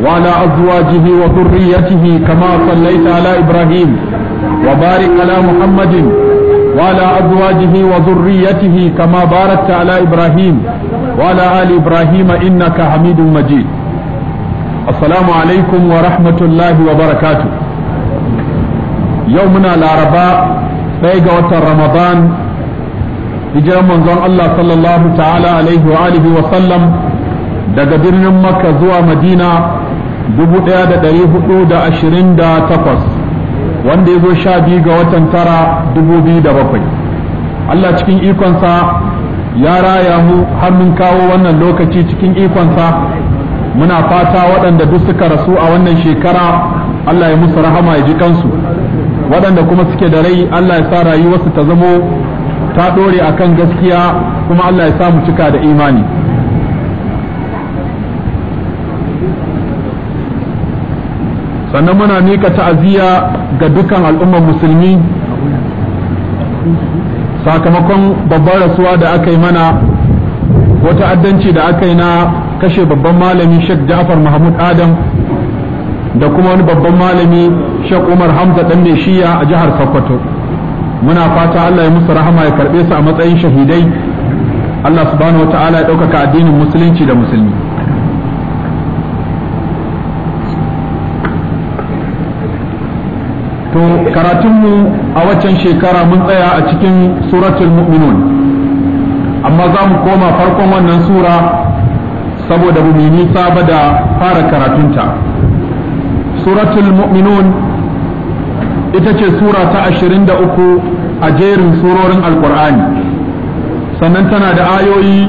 وعلى أزواجه وذريته كما صليت على إبراهيم وبارك على محمد وعلى أزواجه وذريته كما باركت على إبراهيم وعلى آل إبراهيم إنك حميد مجيد السلام عليكم ورحمة الله وبركاته يومنا العرباء بيغة رمضان hijiran manzon Allah sallallahu ta'ala alaihi wa alihi wa sallam daga birnin Makka zuwa Madina Dubu da da da hudu ashirin takwas wanda ya zo sha biyu ga watan tara dubu biyu da bakwai Allah cikin ikonsa ya raya mu har mun kawo wannan lokaci cikin ikonsa muna fata waɗanda duk suka rasu a wannan shekara Allah ya musu rahama ya ji kansu waɗanda kuma suke da rai Allah ya sa rayuwarsu ta zamo ta ɗore a kan gaskiya kuma Allah ya sa mu cika da imani sannan muna mika ta'aziyya ga dukkan al'ummar musulmi sakamakon babbar rasuwa da aka yi mana wata addanci da aka yi na kashe babban malami Sheikh Ja'far Mahmud Adam da kuma wani babban malami Sheikh Umar Hamza dan shiya a jihar Sokoto muna fata Allah ya musu rahama ya karbe su a matsayin shahidai Allah subhanahu ta'ala ya ɗaukaka addinin musulunci da musulmi to karatunmu a waccan shekara mun tsaya a cikin suratul mu'minun amma za mu koma farkon wannan sura saboda mu yi nisa ba da fara karatunta suratul mu'minun ita ce sura ta 23 a jerin surorin alkur'ani sannan tana da ayoyi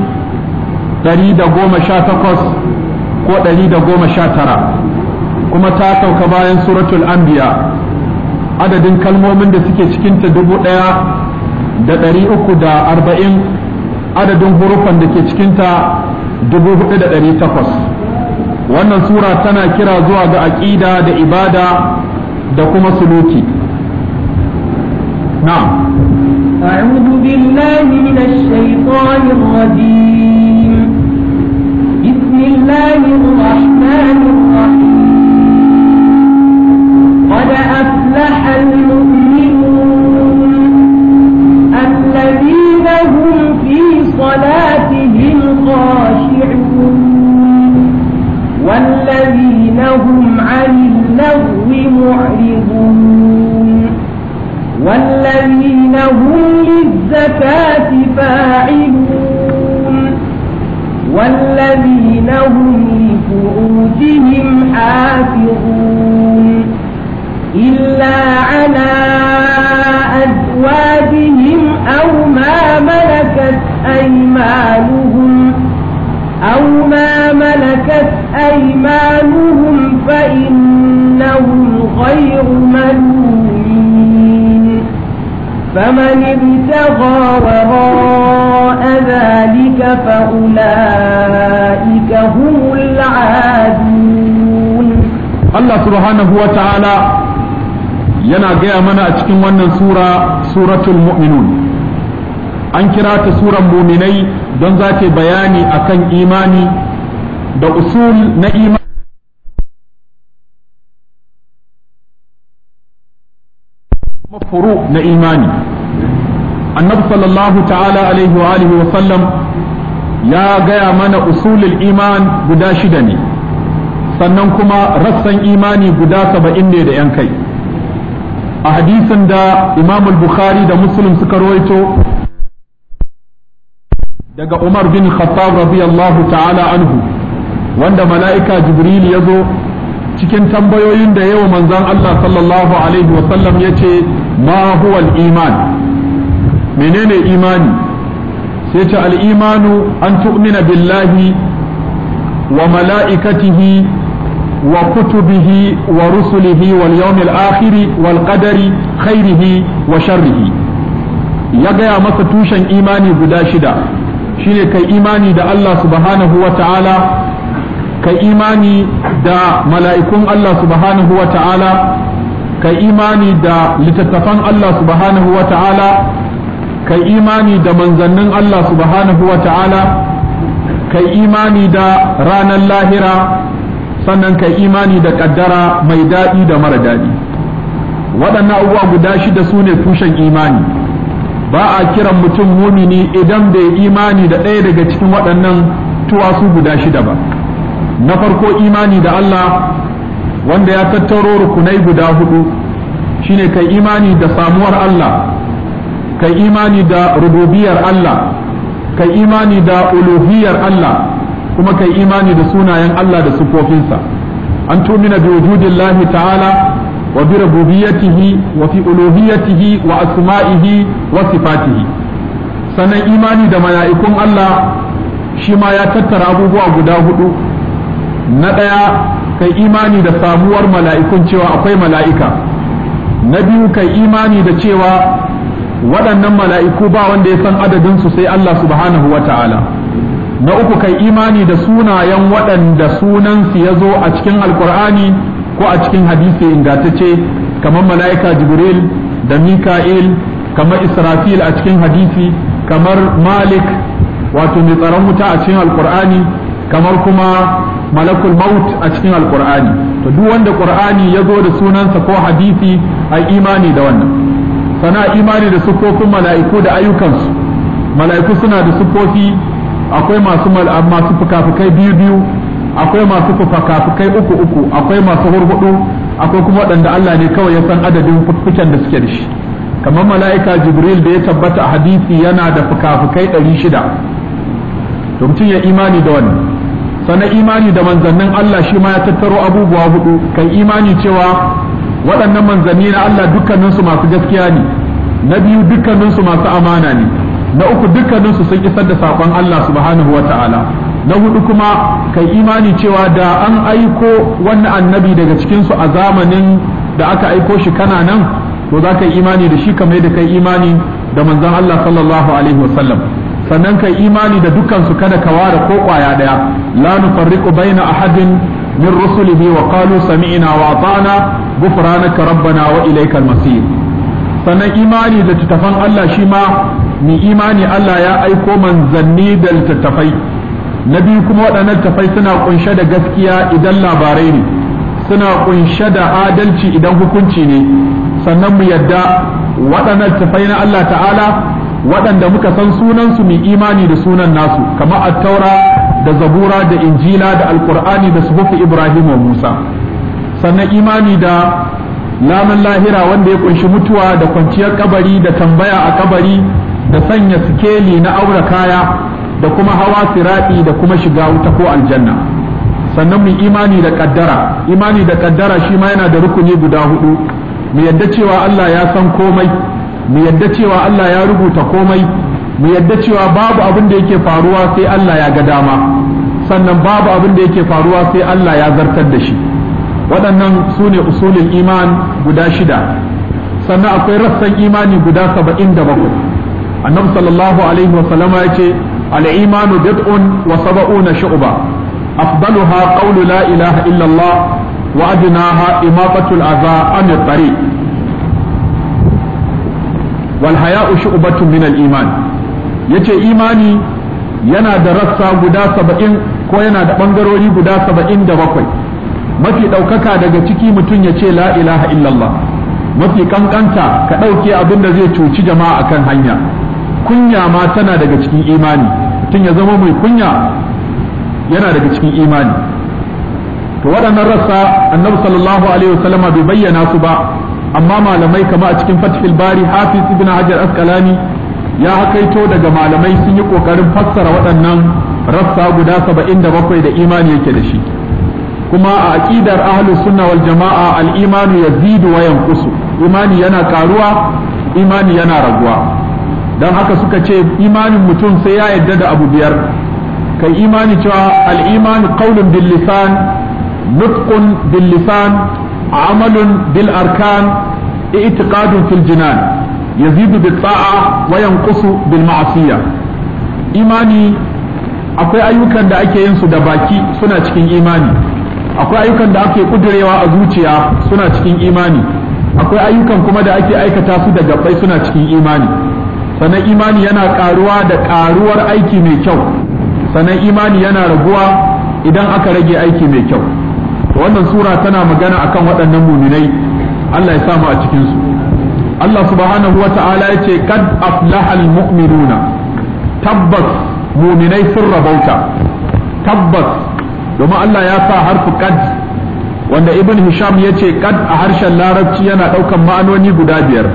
118 ko 119 kuma ta sauka bayan suratul anbiya adadin kalmomin da suke cikinta dubu ɗaya da ɗari uku da arba'in adadin hurufan da ke cikinta dubu hudu da ɗari takwas wannan sura tana kira zuwa ga aƙida da ibada da kuma suluki na. أعوذ بالله من الشيطان الرجيم بسم الله الرحمن قد أفلح المؤمنون الذين هم في صلاتهم خاشعون والذين هم عن اللغو معرضون والذين هم للزكاة فاعلون والذين هم لفروجهم حافظون إلا على أزواجهم أو ما ملكت أيمانهم أو ما ملكت أيمانهم فإنهم غير ملومين فمن ابتغى وراء ذلك فأولئك هم العادون الله سبحانه وتعالى yana gaya mana a cikin wannan sura suratul mu'minun an kira ta suran muminai don za ta bayani akan imani da usul na imani furu na imani annabi sallallahu ta'ala alaihi wa alihi wa sallam ya gaya mana usulul iman guda shida ne sannan kuma rassan imani guda saba'in ne da yan kai a hadisin da Imam al-Bukhari da Muslim suka rawaito daga Umar bin Khattab radiyallahu ta'ala anhu wanda mala'ika Jibril ya zo cikin tambayoyin da yawa manzon Allah sallallahu alaihi wa sallam yace ma huwa al-iman menene imani sai ce al-imanu an tu'mina billahi wa mala'ikatihi Wa wa kutubihi rusulihi وكتبه ورسله واليوم الآخر والقدر خيره وشره يقيا مسا توشن إيماني بداشدا shine kai imani da Allah subhanahu wa ta'ala kai imani da mala'ikun Allah subhanahu wa ta'ala kai imani da littattafan Allah subhanahu wa ta'ala kai imani da manzannin Allah subhanahu wa ta'ala kai imani da ranar lahira sannan kai imani da kaddara mai daɗi da mara daɗi waɗannan abubuwa guda shida su ne tushen imani ba a kiran mutum mumini idan bai imani da ɗaya daga cikin waɗannan tuwasu guda shida ba na farko imani da Allah wanda ya tattaro rukunai guda hudu shine kai imani da samuwar Allah kai imani da rububiyar Allah kai imani da uluhiyar Allah kuma kai imani da sunayen Allah da sifofinsa an tumina bi wujudillahi ta'ala wa bi rububiyyatihi wa fi uluhiyyatihi wa asma'ihi wa sifatihi sannan imani da mala'ikun Allah shi ma ya tattara abubuwa guda hudu na ɗaya kai imani da samuwar mala'ikun cewa akwai mala'ika na biyu kai imani da cewa waɗannan mala'iku ba wanda ya san adadinsu sai Allah subhanahu wa ta'ala na uku kai imani da sunayen waɗanda sunansu ya zo a cikin alkur'ani ko a cikin hadisi ingantacce kamar mala'ika jibril da mika'il kamar israfil a cikin hadisi kamar malik wato mai tsaron wuta a cikin alkur'ani kamar kuma malakul maut a cikin alkur'ani to duk wanda qur'ani ya zo da sunansa ko hadisi a imani da wannan sana imani da siffofin mala'iku da ayyukansu mala'iku suna da siffofi akwai masu masu fukafukai biyu biyu akwai masu fukafukai uku uku akwai masu hurhudu akwai kuma waɗanda Allah ne kawai ya san adadin fukfukan da suke da shi kamar mala'ika jibril da ya tabbata a hadisi yana da fukafukai ɗari shida to mutum ya imani da wannan sannan imani da manzannin Allah shi ma ya tattaro abubuwa hudu kai imani cewa waɗannan manzanni na Allah dukkaninsu masu gaskiya ne na biyu dukkaninsu masu amana ne na uku dukkaninsu sun isar da sakon Allah subhanahu wa ta'ala na hudu kuma kai imani cewa da an aiko wannan annabi daga cikinsu a zamanin da aka aiko shi kana nan to za ka yi imani da shi kamar da kai imani da manzon Allah sallallahu alaihi wa sallam sannan kai imani da dukkansu kada ka ware ko kwaya daya la nufarriqu baina ahadin min rusulihi wa qalu sami'na wa ata'na ghufranaka rabbana wa ilaykal masir sannan imani da tutafan Allah shi ma mu imani Allah ya aiko manzanni da littattafai na biyu kuma waɗannan littattafai suna kunshe da gaskiya idan labarai ne suna kunshe da adalci idan hukunci ne sannan mu yadda waɗannan littattafai na Allah ta'ala waɗanda muka san sunansu mai imani da sunan nasu kamar attaura da zabura da injila da alkur'ani da suhufu ibrahim wa musa sannan imani da laman lahira wanda ya kunshi mutuwa da kwanciyar kabari da tambaya a kabari da sanya sikeli na aure kaya da kuma hawa sirati da kuma shiga wuta ko aljanna sannan mu imani da kaddara imani da kaddara shi ma yana da rukuni guda hudu mu yadda cewa Allah ya san komai mu yadda cewa Allah ya rubuta komai mu yadda cewa babu abin da yake faruwa sai Allah ya ga dama sannan babu abin da yake faruwa sai Allah ya zartar da shi waɗannan su ne usulin iman guda shida sannan akwai rassan imani guda saba'in da bakwai annabi sallallahu alaihi wa sallama yace al imanu bid'un wa sab'una shu'ba afdaluha qawlu la ilaha illa Allah wa adnaha imatatul adha an tariq wal haya'u shu'batun min al-iman yace imani yana da rassa guda saba'in ko yana da bangarori guda saba'in da bakwai mafi ɗaukaka daga ciki mutum ya ce la ilaha illallah mafi kankanta ka ɗauke abin da zai cuci jama'a kan hanya kunya ma tana daga cikin imani mutum ya zama mai kunya yana daga cikin imani to waɗannan rassa annabi sallallahu alaihi wasallama bai bayyana su ba amma malamai kama a cikin fathil bari hafiz ibn hajar askalani ya hakaito daga malamai sun yi kokarin fassara waɗannan rassa guda saba'in da bakwai da imani yake da shi kuma a aƙidar ahlus sunna wal jama'a al imanu yazidu wa yanqusu imani yana karuwa imani yana raguwa don haka suka ce imanin mutum sai ya yarda da abu biyar kai imani cewa al-imanu qawlun bil lisan nutqun bil lisan amalun bil arkan i'tiqadun fil jinan yazidu bit ta'a wa yanqusu bil ma'siyah imani akwai ayyukan da ake yin su da baki suna cikin imani akwai ayyukan da ake kudurewa a zuciya suna cikin imani akwai ayyukan kuma da ake aikata su da gabbai suna cikin imani sannan imani yana karuwa da karuwar aiki mai kyau sannan imani yana raguwa idan aka rage aiki mai kyau to wannan sura tana magana akan waɗannan muminai Allah ya samu a cikin su Allah subhanahu wa ta'ala ya ce kad aflahal mu'minuna tabbas muminai sun rabauta tabbas domin Allah ya sa harfu kad wanda ibn hisham ya ce kad a harshen larabci yana ɗaukan ma'anoni guda biyar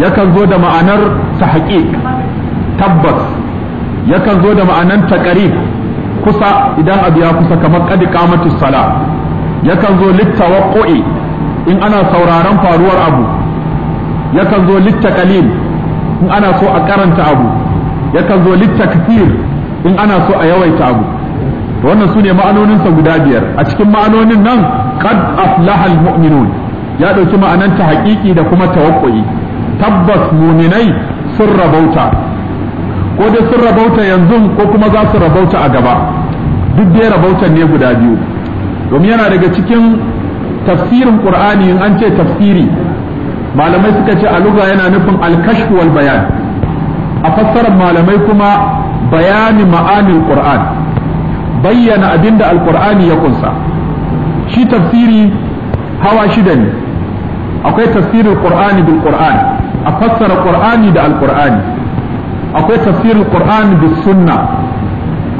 yakan zo da ma'anar tabbas yakan zo da ma'anan taqrib kusa idan abu kusa kamar qad qamatus faruwar abu yakan zo a karanta abu yakan in ana so a yawaita abu to wannan sune ma'anoninsa guda biyar a cikin ma'anonin nan qad aflaha almu'minun ya dauki ma'anan ta da kuma tawaqqu'i tabbas muminai sun rabauta ko dai sun rabauta yanzu ko kuma za su rabauta a gaba duk dai rabautan ne guda biyu domin yana daga cikin tafsirin qur'ani in an ce tafsiri malamai suka ce aluga yana nufin alkashf wal bayan a fassarar malamai kuma bayani ma'anin qur'an bayyana abinda alqur'ani ya kunsa shi tafsiri hawa shida ne akwai tafsirin qur'ani bil qur'an a fassara qur'ani da alqur'ani akwai tafsirin qur'ani da sunna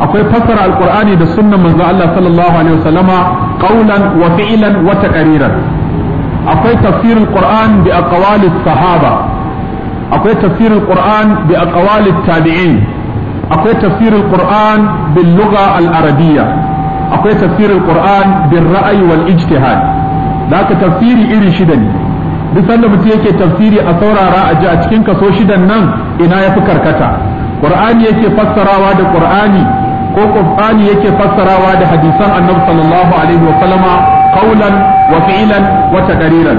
akwai fassara alqur'ani da sunna manzo Allah sallallahu alaihi wasallama qaulan wa fi'lan wa taqriran akwai tafsirin qur'an bi aqwali sahaba akwai tafsirin qur'an bi aqwali tabi'in akwai tafsirin qur'an bil lugha al arabiyya akwai tafsirin qur'an bil ra'yi wal ijtihad da aka tafsiri iri shida ne duk sanda mutum yake tafsiri a saurara a ji a cikin kaso shidan nan ina ya fi karkata qur'ani yake fassarawa da qur'ani ko qur'ani yake fassarawa da hadisan annabi sallallahu alaihi wa sallama qawlan wa fi'lan wa taqriran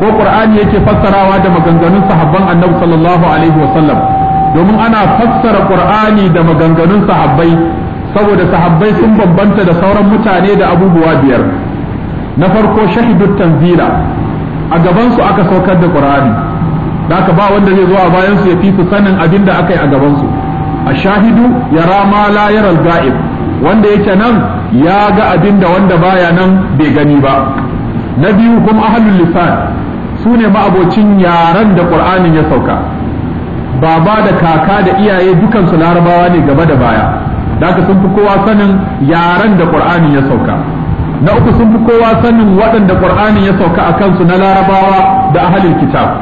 ko qur'ani yake fassarawa da maganganun sahabban annabi sallallahu alaihi wa sallam domin ana fassara qur'ani da maganganun sahabbai saboda sahabbai sun bambanta da sauran mutane da abubuwa biyar na farko shahidut tanzila a gabansu aka saukar da qur'ani ka ba wanda zai zo a bayan su ya fi sanin abin da aka yi a gabansu. A shahidu yara ma la yaral gaib wanda yake nan ya ga abin da wanda baya nan bai gani ba na biyu kuma ahlul lisan su ne ma'abocin yaran da qur'anin ya sauka baba da kaka da iyaye dukansu larabawa ne gaba da baya da sun fi kowa sanin yaran da qur'anin ya sauka na uku sun fi kowa sanin waɗanda ƙur'anin ya sauka a kansu na larabawa da ahalin kitab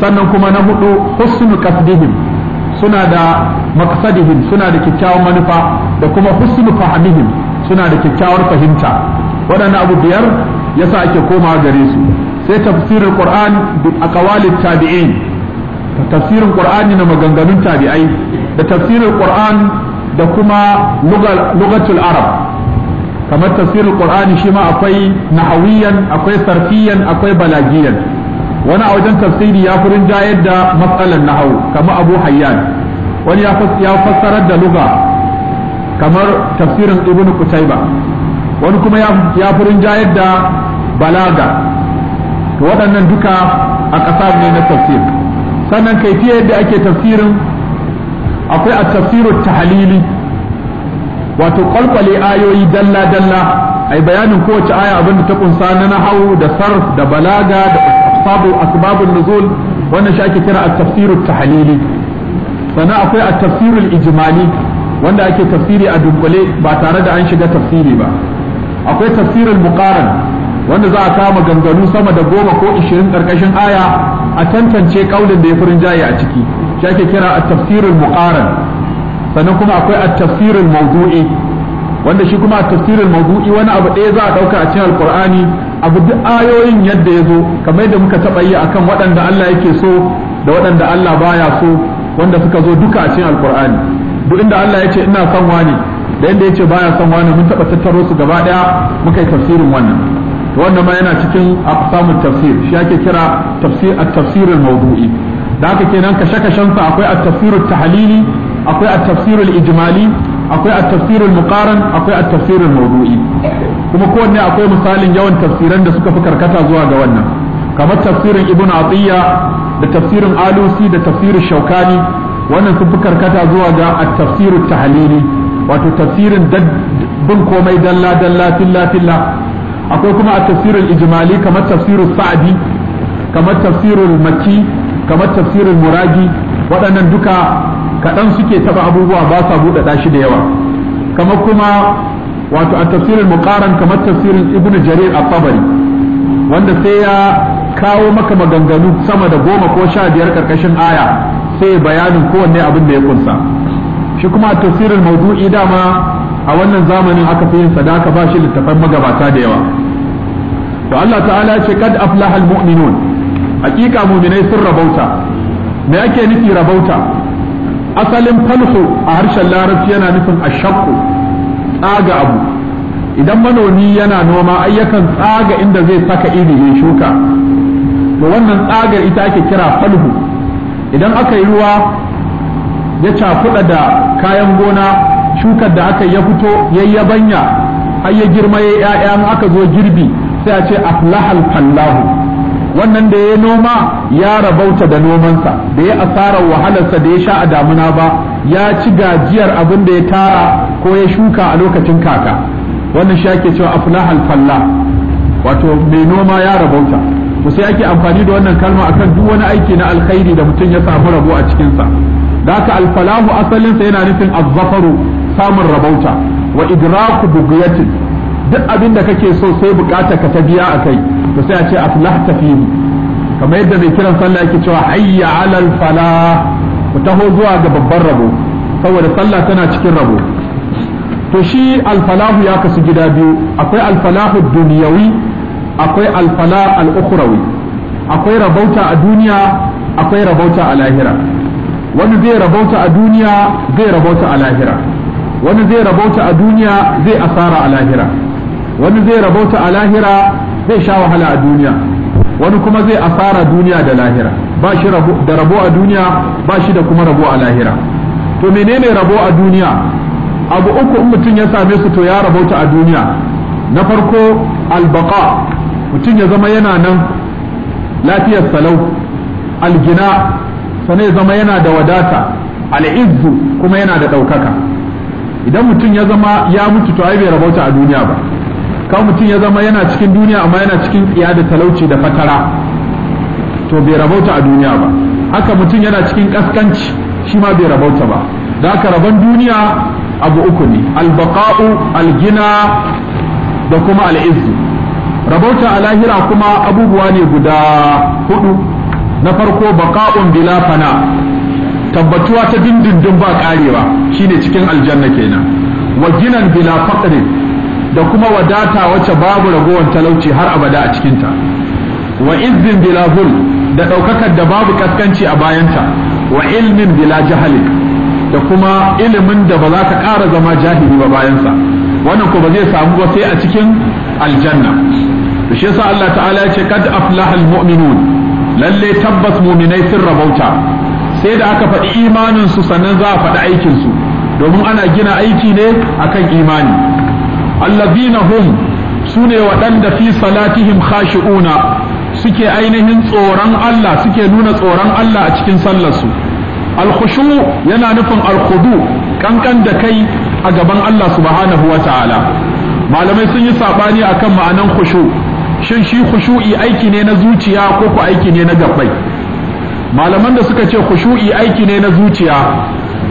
sannan kuma na hudu husnu kasdihim suna da maqsadihim suna da kyakkyawan manufa da kuma husnu fahmihim suna da kyakkyawar fahimta waɗannan abu biyar ya yasa ake komawa gare su sai tafsirin qur'an a aqwalit tabi'in tafsirin qur'ani na maganganun tabi'ai da tafsirin qur'an da kuma lugatul arab kamar tafsirin qur'ani shi ma akwai nahawiyan akwai sarfiyan akwai balagiyan wani a wajen tafsiri ya furin jayar da matsalan nahawu kamar abu hayyan wani ya fassara da luga kamar tafsirin ibnu kutaiba wani kuma ya furin jayar da balaga to waɗannan duka a ƙasa ne na tafsir sannan kaifiyar yadda ake tafsirin akwai a tafsirin tahalili wato kwalkwale ayoyi dalla dalla ai bayanin kowace aya abin da ta kunsa na nahau da sarf da balaga da asbabu asbabun nuzul wannan shi ake kira at-tafsirut tahlili sannan akwai at-tafsirul ijmali wanda ake tafsiri a dunkule ba tare da an shiga tafsiri ba akwai tafsirul muqaran wanda za a kama ganganu sama da goma ko ishirin karkashin aya a tantance kaulin da ya furin jaye a ciki shi ake kira at-tafsirul muqaran sannan kuma akwai a tafsirin al-mawdu'i wanda shi kuma a tafsirin mawdui wani abu ɗaya za a ɗauka a cikin alqur'ani abu duk ayoyin yadda ya zo kamar yadda muka taɓa yi akan waɗanda Allah yake so da waɗanda Allah baya so wanda suka zo duka a cikin alqur'ani duk inda Allah ya ce ina son wani da inda ya ce baya son wani mun taɓa tattaro su gaba ɗaya muka yi tafsirin wannan to wannan ma yana cikin aqsamut tafsir shi ake kira tafsir at-tafsir al-mawdu'i da haka kenan kashe-kashen sa akwai at-tafsir at-tahlili akwai a tafsirul ijmali akwai a tafsirul muqaran akwai a tafsirul mawdu'i kuma kowanne akwai misalin yawan tafsiran da suka fi karkata zuwa ga wannan kamar tafsirin ibn atiyya da tafsirin alusi da tafsirin shaukani wannan sun fi karkata zuwa ga at-tafsirut tahlili wato tafsirin bin komai dalla dalla filla filla akwai kuma a tafsirul ijmali kamar tafsirus sa'di kamar tafsirul makki kamar tafsirul muragi waɗannan duka kaɗan suke taɓa abubuwa ba sa buɗaɗa shi da yawa kamar kuma wato a tafsirin muƙaran kamar tafsirin ibnu jarir a tabari wanda sai ya kawo maka maganganu sama da goma ko sha biyar karkashin aya sai bayanin kowanne abin da ya kunsa shi kuma a tafsirin maudu'i dama a wannan zamanin aka fi yin sadaka ba shi littafan magabata da yawa to Allah ta'ala Ya ce kad al mu'minun hakika mu'minai sun rabauta me yake nufi rabauta asalin falhu a harshen larabci yana nufin ashaqqu tsaga abu idan manomi yana noma ai tsaga inda zai saka iri ya shuka to wannan tsagar ita ake kira falhu idan aka yi ruwa ya cakuɗa da kayan gona shukar da aka ya fito yayyabanya har ya girma ya 'ya'ya aka zo girbi sai a ce aflahal fallahu wannan da ya noma ya rabauta da nomansa da ya asarar wahalarsa da ya sha a damuna ba ya ci gajiyar abin da ya tara ko ya shuka a lokacin kaka wannan shi ake cewa aflahal falla wato mai noma ya rabauta to sai ake amfani da wannan kalma akan duk wani aiki na alkhairi da mutum ya samu rabo a cikinsa da haka alfalahu asalinsa yana nufin azzafaru samun rabauta wa idraku bugiyatin duk abin da kake so sai bukata ka ta biya a kai to sai a ce aflahta fihi kamar yadda mai kiran sallah yake cewa hayya alal fala ku taho zuwa ga babban rabo saboda sallah tana cikin rabo to shi alfalahu ya kasu gida biyu akwai alfalahu duniyawi akwai alfala al'ukhrawi akwai rabauta a duniya akwai rabauta a lahira wani zai rabauta a duniya zai rabauta a lahira wani zai rabauta a duniya zai asara a lahira wani zai rabauta a lahira zai sha wahala a duniya wani kuma zai asara duniya da lahira ba shi da rabo a duniya ba shi da kuma rabo a lahira to menene rabo a duniya abu uku in mutum ya same su to ya rabauta a duniya na farko albaka mutum ya zama yana nan lafiyar salau algina ya zama yana da wadata al'izzu kuma yana da ɗaukaka idan mutum ya zama ya mutu to ai bai rabauta a duniya ba kawo mutum ya zama yana cikin duniya amma yana cikin tsiya da talauci da fatara to bai rabauta a duniya ba haka mutum yana cikin kaskanci shi ma bai rabauta ba da haka rabon duniya abu uku ne albaqa'u algina da kuma al'izzu rabauta a lahira kuma abubuwa ne guda hudu na farko baka'un bila fana tabbatuwa ta dindindin ba karewa shine cikin aljanna kenan wa ginan bila faqrin da kuma wadata wacce babu ragowar talauci har abada a cikinta wa izin bila hul da ɗaukakar da babu kaskanci a bayanta wa ilmin bila jahali da kuma ilimin da ba za ka ƙara zama jahili ba bayansa wannan ko ba zai samu ba sai a cikin aljanna to shi yasa Allah ta'ala ya ce kad aflahal mu'minun lalle tabbas mu'minai sun rabauta sai da aka faɗi imanin su sannan za a faɗi aikin su domin ana gina aiki ne akan imani allazina hum sune waɗanda fi salatihim khashi'una suke ainihin tsoron Allah suke nuna tsoron Allah a cikin sallarsu alkhushu yana nufin alkhudu kankan da kai a gaban Allah subhanahu wa ta'ala malamai sun yi sabani akan ma'anan khushu shin shi khushu'i aiki ne na zuciya ko ku aiki ne na gabbai malaman da suka ce khushu'i aiki ne na zuciya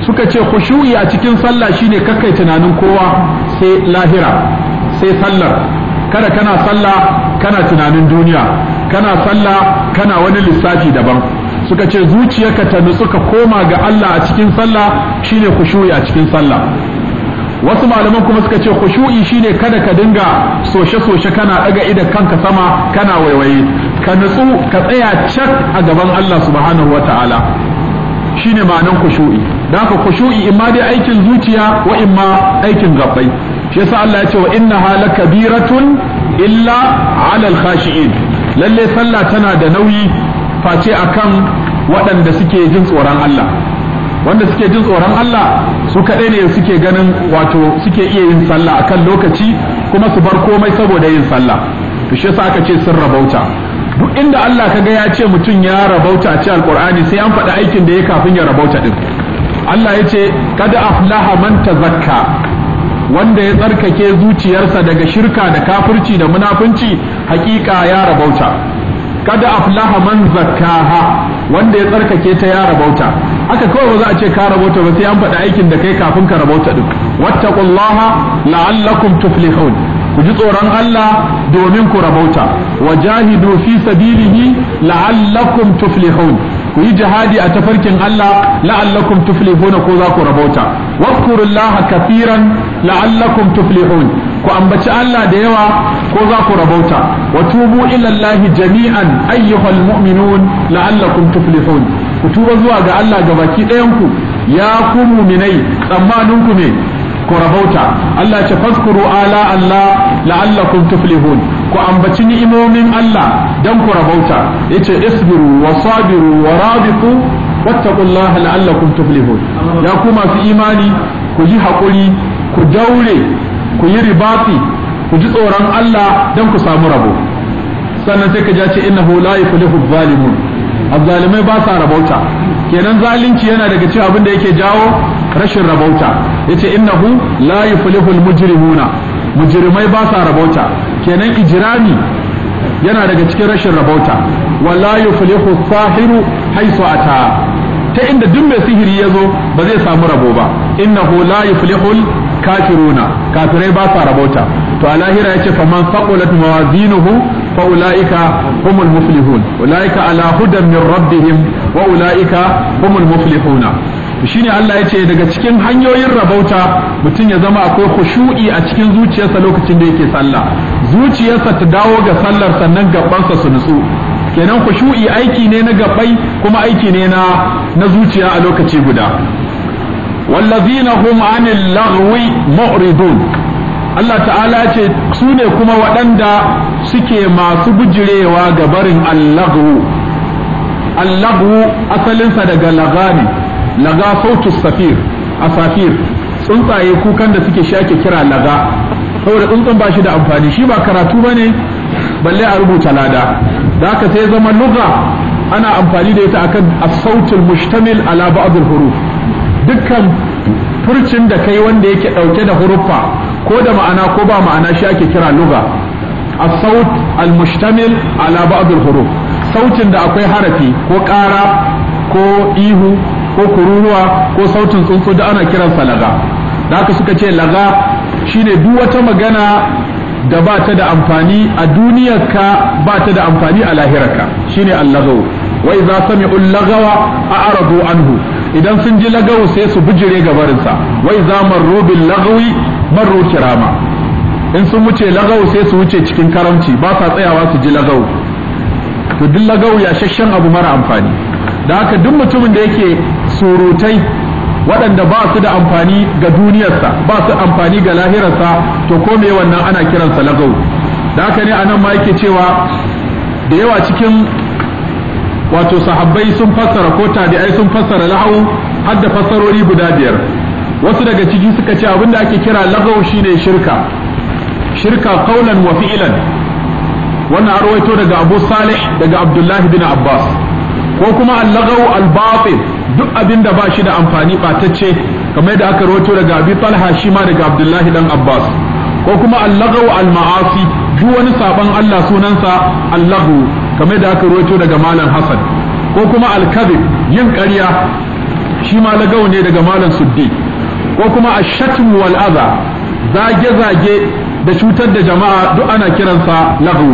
suka ce khushu'i a cikin sallah shine kakkai tunanin kowa sai lahira sai sallar kada kana sallah kana tunanin duniya kana sallah kana wani lissafi daban suka ce zuciyarka ta nutsu ka koma ga Allah a cikin sallah shine khushu'i a cikin sallah wasu malaman kuma suka ce khushu'i shine kada ka dinga soshe-soshe kana daga idan kanka sama kana waiwaye ka nutsu ka tsaya cak a gaban Allah subhanahu wataala shine ma'anan khushu'i da haka khushu'i imma dai aikin zuciya wa imma aikin gabbai shi yasa Allah ya ce wa hala Kabiratun illa 'alal khashi'in lalle sallah tana da nauyi face akan waɗanda suke jin tsoron Allah wanda suke jin tsoron Allah su kaɗai ne suke ganin wato suke iya yin sallah akan lokaci kuma su bar komai saboda yin sallah to shi yasa aka ce sun rabauta duk inda Allah kaga ya ce mutum ya rabauta a cikin alqur'ani sai an faɗi aikin da ya kafin ya rabauta din Allah ya ce kada aflaha man tazakka wanda ya tsarkake zuciyarsa daga shirka da kafirci da munafunci hakika ya rabauta kada aflaha man zakkaha wanda ya tsarkake ta ya rabauta haka kawai ba za a ce ka rabauta ba sai an faɗi aikin da kai kafin ka rabauta din wattaqullaha la'allakum tuflihun ku ji tsoron Allah domin ku rabauta wajahidu fi sabilihi la'allakum tuflihun ku yi jihadi a tafarkin Allah la'allakum tuflihuna ko za ku rabauta wazkurullaha kafiran la'allakum tuflihun ku ambaci Allah da yawa ko za ku rabauta wa tubu ila Allah jami'an ayyuhal mu'minun la'allakum tuflihun ku tuba zuwa ga Allah gabaki ɗayan ku ya ku muminai tsammanin ku ne ku rabauta Allah ya ce fazkuru ala Allah la'allakum tuflihun ku ambaci ni'imomin Allah dan ku rabauta yace isbiru wa sabiru wa wattaqullaha la'allakum tuflihun ya ku masu imani ku ji hakuri ku daure ku yi ribati ku ji tsoron Allah dan ku samu rabo sannan sai ka ja ce innahu la yuflihu zalimun azzalimai ba sa rabauta kenan zalunci yana daga cikin abin da yake jawo rashin rabauta yace innahu la yuflihu mujrimuna mujrimai ba sa rabauta kenan ijirami yana daga cikin rashin rabauta wala yuflihu sahiru haisu ata ta inda duk mai sihiri ya zo ba zai samu rabo ba innahu la yuflihul kafiruna kafirai ba sa rabauta to a lahira yace faman saqulat mawazinuhu fa ulaika humul muflihun ulaika ala hudan min rabbihim wa ulaika humul muflihuna to shine Allah ya ce daga cikin hanyoyin rabauta mutum ya zama akwai khushu'i a cikin zuciyarsa lokacin da yake sallah zuciyarsa ta dawo ga sallar sannan gabansa su nutsu kenan khushu'i aiki ne na gabai kuma aiki ne na na zuciya a lokaci guda wallazina hum anil lagwi mu'ridun Allah ta'ala ya ce su ne kuma waɗanda suke masu bujirewa ga barin allahu allahu asalinsa daga lagani laga sautu safir a safir tsuntsaye kukan da suke shake kira laga saboda tsuntsun ba shi da amfani shi ba karatu ba ne balle a rubuta lada da aka sai zama luga ana amfani da ita akan asautul mushtamil ala ba'd huruf dukkan furcin da kai wanda yake dauke da huruffa ko da ma'ana ko ba ma'ana shi ake kira luga asaut al mushtamil ala ba'd huruf sautin da akwai harafi ko ƙara ko ihu ko kururuwa ko sautin tsuntsu da ana kiransa laga da haka suka ce laga shine duk wata magana da ba ta da amfani a duniyarka ba ta da amfani a lahirarka shine allagaw wa idza sami'u lagawa arabu anhu idan sun ji lagaw sai su bijire gabarinsa wa idza marru bil lagawi marru kirama in sun wuce lagaw sai su wuce cikin karamci ba sa tsayawa su ji lagaw to duk lagaw ya shashshan abu mara amfani da haka duk mutumin da yake surutai waɗanda ba su da amfani ga duniyarsa ba su amfani ga lahirarsa to ko me wannan ana kiransa lagau da haka ne anan ma yake cewa da yawa cikin wato sahabbai sun fassara ko tabi'ai sun fassara lahau har da fassarori guda biyar wasu daga ciki suka ce abinda ake kira lagau shine shirka shirka qaulan wa fi'lan wannan arwaito daga Abu Salih daga Abdullahi bin Abbas ko kuma al-lagaw al-batil duk abin da ba shi da amfani ɓatacce kamar da aka rawaito daga abi talha shi ma daga abdullahi dan abbas ko kuma allahu al-ma'asi duk wani saban allah sunansa allahu kamar da aka rawaito daga malam hasan ko kuma al-kadhib yin ƙarya shi ma lagau ne daga malam suddi ko kuma ash-shatm wal adha zage zage da cutar da jama'a duk ana kiransa lagau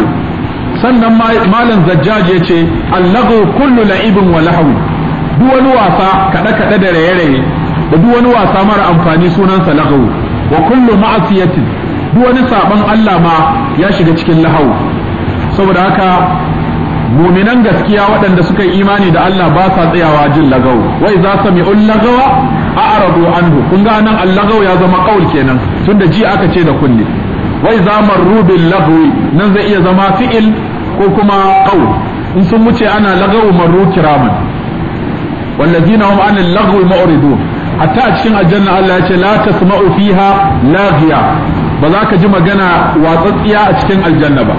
sannan malam zajjaj ya ce allahu kullu la'ibin wa lahawi duk wani wasa kaɗe-kaɗe da raye-raye da duk wani wasa mara amfani sunansa lahu wa kullu ma'asiyatin duk wani saban Allah ma ya shiga cikin lahu saboda haka muminan gaskiya waɗanda suka yi imani da Allah ba sa tsayawa jin lagau wai za su un lagawa a arabu anhu kun ga nan allagau ya zama kaul kenan tunda ji aka ce da kunne wai za marru bil lagwi nan zai iya zama fi'il ko kuma kaul in sun wuce ana lagau marru kiraman wallazina hum anil lagwi mu'ridun hatta a cikin aljanna Allah ya ce la tasma'u fiha laghiya ba za ka ji magana watsatsiya a cikin aljanna ba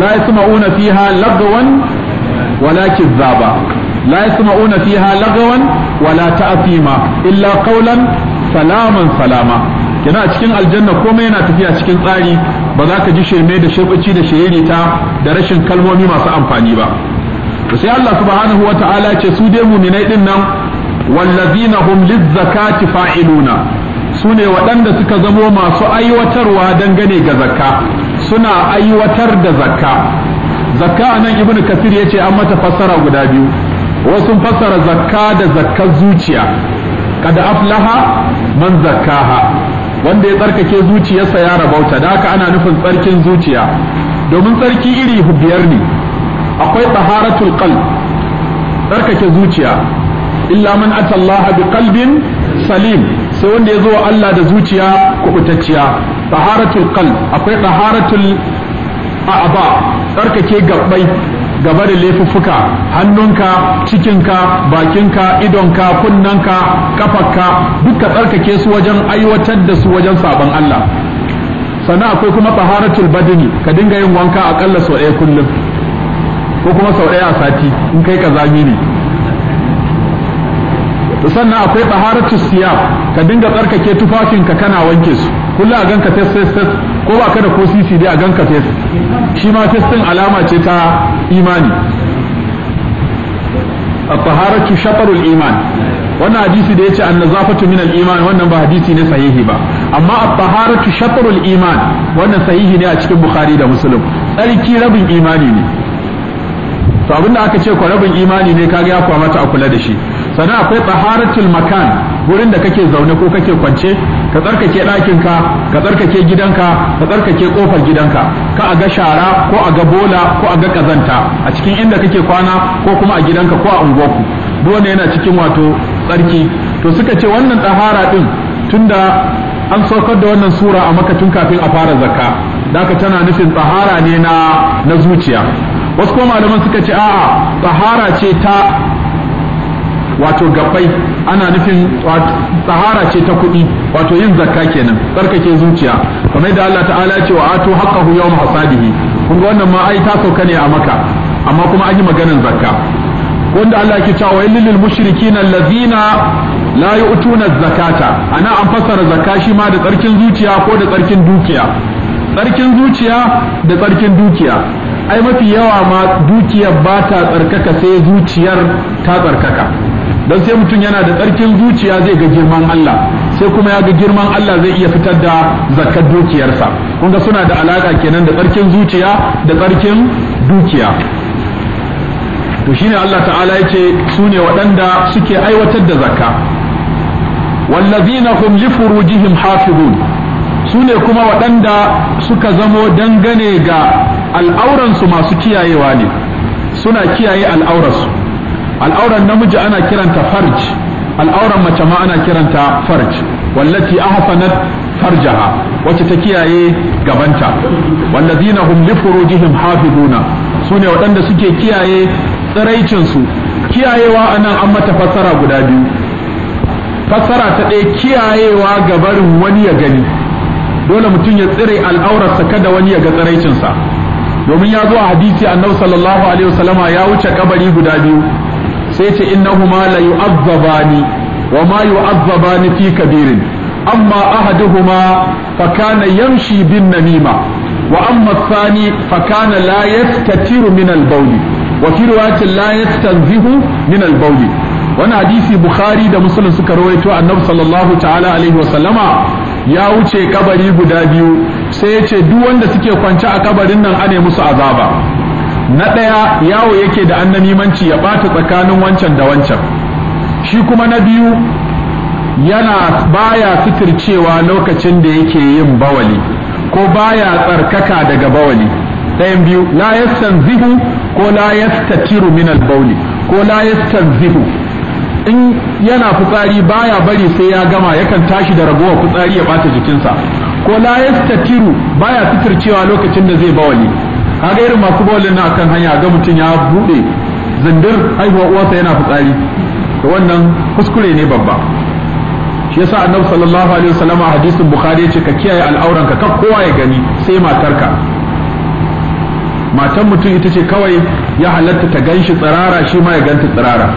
la yasma'una fiha lagwan wala kizzaba la yasma'una fiha lagwan wala ta'fima illa qawlan salaman salama a cikin aljanna komai yana tafiya cikin tsari ba za ka ji shirme da shirbici da shirita da rashin kalmomi masu amfani ba to sai Allah subhanahu wa ta'ala ce su dai muminai din nan wallazina hum lizzakati fa'iluna Sune waɗanda suka zamo masu aiwatarwa dangane ga zakka suna aiwatar da zakka zakka nan ibn kasir yace an mata fassara guda biyu wasu fassara zakka da zakkar zuciya kada aflaha man zakkaha wanda ya tsarkake zuciyarsa ya rabauta da haka ana nufin tsarkin zuciya domin tsarki iri biyar ne akwai taharatul qalb tsarkake zuciya illa man ata Allah bi qalbin salim sai wanda ya zo Allah da zuciya kubutacciya taharatul qalb akwai taharatul aba tsarkake gabbai gaba da laifuffuka hannunka cikinka bakinka idonka kunnanka kafarka duka tsarkake su wajen aiwatar da su wajen sabon Allah sannan akwai kuma taharatul badani ka dinga yin wanka akalla sau ɗaya kullum ko kuma sau ɗaya a sati in kai kazami ne sannan akwai taharatu siyab ka dinga tsarkake tufafin ka kana wanke su kullu a ganka fes test ko ba ka da ko sisi dai a ganka test shi ma testin alama ce ta imani A taharatu shatarul iman wannan hadisi da yace an min al-iman wannan ba hadisi ne sahihi ba amma a taharatu shatarul iman wannan sahihi ne a cikin bukhari da muslim tsarki rabin imani ne to abinda aka ce rabin imani ne kaga ya kwamata a kula da shi sannan akwai taharatul makan wurin da kake zaune ko kake kwance ka tsarkake ɗakin ka ka tsarkake gidanka ka tsarkake kofar gidanka ka a ga shara ko a ga bola ko a ga kazanta a cikin inda kake kwana ko kuma a gidanka ko a unguwarku duk ne yana cikin wato tsarki to suka ce wannan tahara din tunda an saukar da wannan sura a maka kafin a fara zakka da tana nufin tsahara ne na na zuciya wasu kuma malaman suka ce a'a tsahara ce ta wato gabbai ana nufin tsahara ce ta kuɗi wato yin zakka kenan tsarkake zuciya kamar da Allah ta'ala ce wa ato haqqahu yawm hasadihi kun ga wannan ma ai ta sauka ne a maka amma kuma an yi maganar zakka wanda Allah ke cewa wa lil mushrikin allazina la yu'tuna zakata ana an fassara zakka shi ma da tsarkin zuciya ko da tsarkin dukiya tsarkin zuciya da tsarkin dukiya ai mafi yawa ma dukiyar ba ta tsarkaka sai zuciyar ta tsarkaka don sai mutum yana da tsarkin zuciya zai ga girman Allah sai kuma ya ga girman Allah zai iya fitar da zakar dukiyarsa kun suna da alaka kenan da tsarkin zuciya da tsarkin dukiya to shine Allah ta'ala yake su ne waɗanda suke aiwatar da zakka wallazina hum li furujihim hafizun su ne kuma waɗanda suka zamo dangane ga al'auransu masu kiyayewa ne suna kiyaye al'aurarsu al'auran namiji ana kiranta farj al'auran mace ma ana kiranta farj wallati ahfanat farjaha wacce ta kiyaye gabanta wallazina hum li furujihim hafizuna sune waɗanda suke kiyaye tsiraicin su kiyayewa anan an mata fassara guda biyu fassara ta ɗaya kiyayewa ga barin wani ya gani dole mutum ya tsire al'aurarsa kada wani ya ga tsiraicinsa domin ya zo a hadisi annabi sallallahu alaihi wasallama ya wuce kabari guda biyu sai ce innahuma la yu'azzabani wa ma yu'azzabani fi kabirin amma ahaduhuma fa kana yamshi bin namima wa amma thani fa kana la yastatiru min al-bawli wa fi riwayatin la yastanzihu min al-bawli wannan hadisi bukhari da muslim suka rawaito annabi sallallahu ta'ala alaihi wasallama ya wuce kabari guda biyu sai ya ce duk wanda suke kwance a kabarin nan ane musu azaba na ɗaya yawo yake da annamimanci ya ɓata tsakanin wancan da wancan shi kuma na biyu yana baya suturcewa lokacin da yake yin bawali ko baya tsarkaka daga bawali ɗayan biyu la yastanzihu ko la yastatiru min al ko la yastanzihu in yana fitsari baya bari sai ya gama yakan tashi da ragowar fitsari ya bata jikinsa ko la yastatiru baya fitircewa lokacin da zai bawali kaga irin masu bawalin na akan hanya ga mutum ya bude zindir haihuwa uwarsa yana fitsari to wannan kuskure ne babba shi yasa annabi sallallahu alaihi wasallam a hadisin bukhari yace ka kiyaye al'auranka kan kowa ya gani sai matarka matan mutum ita ce kawai ya halatta ta ganshi tsirara shi ma ya ganta tsirara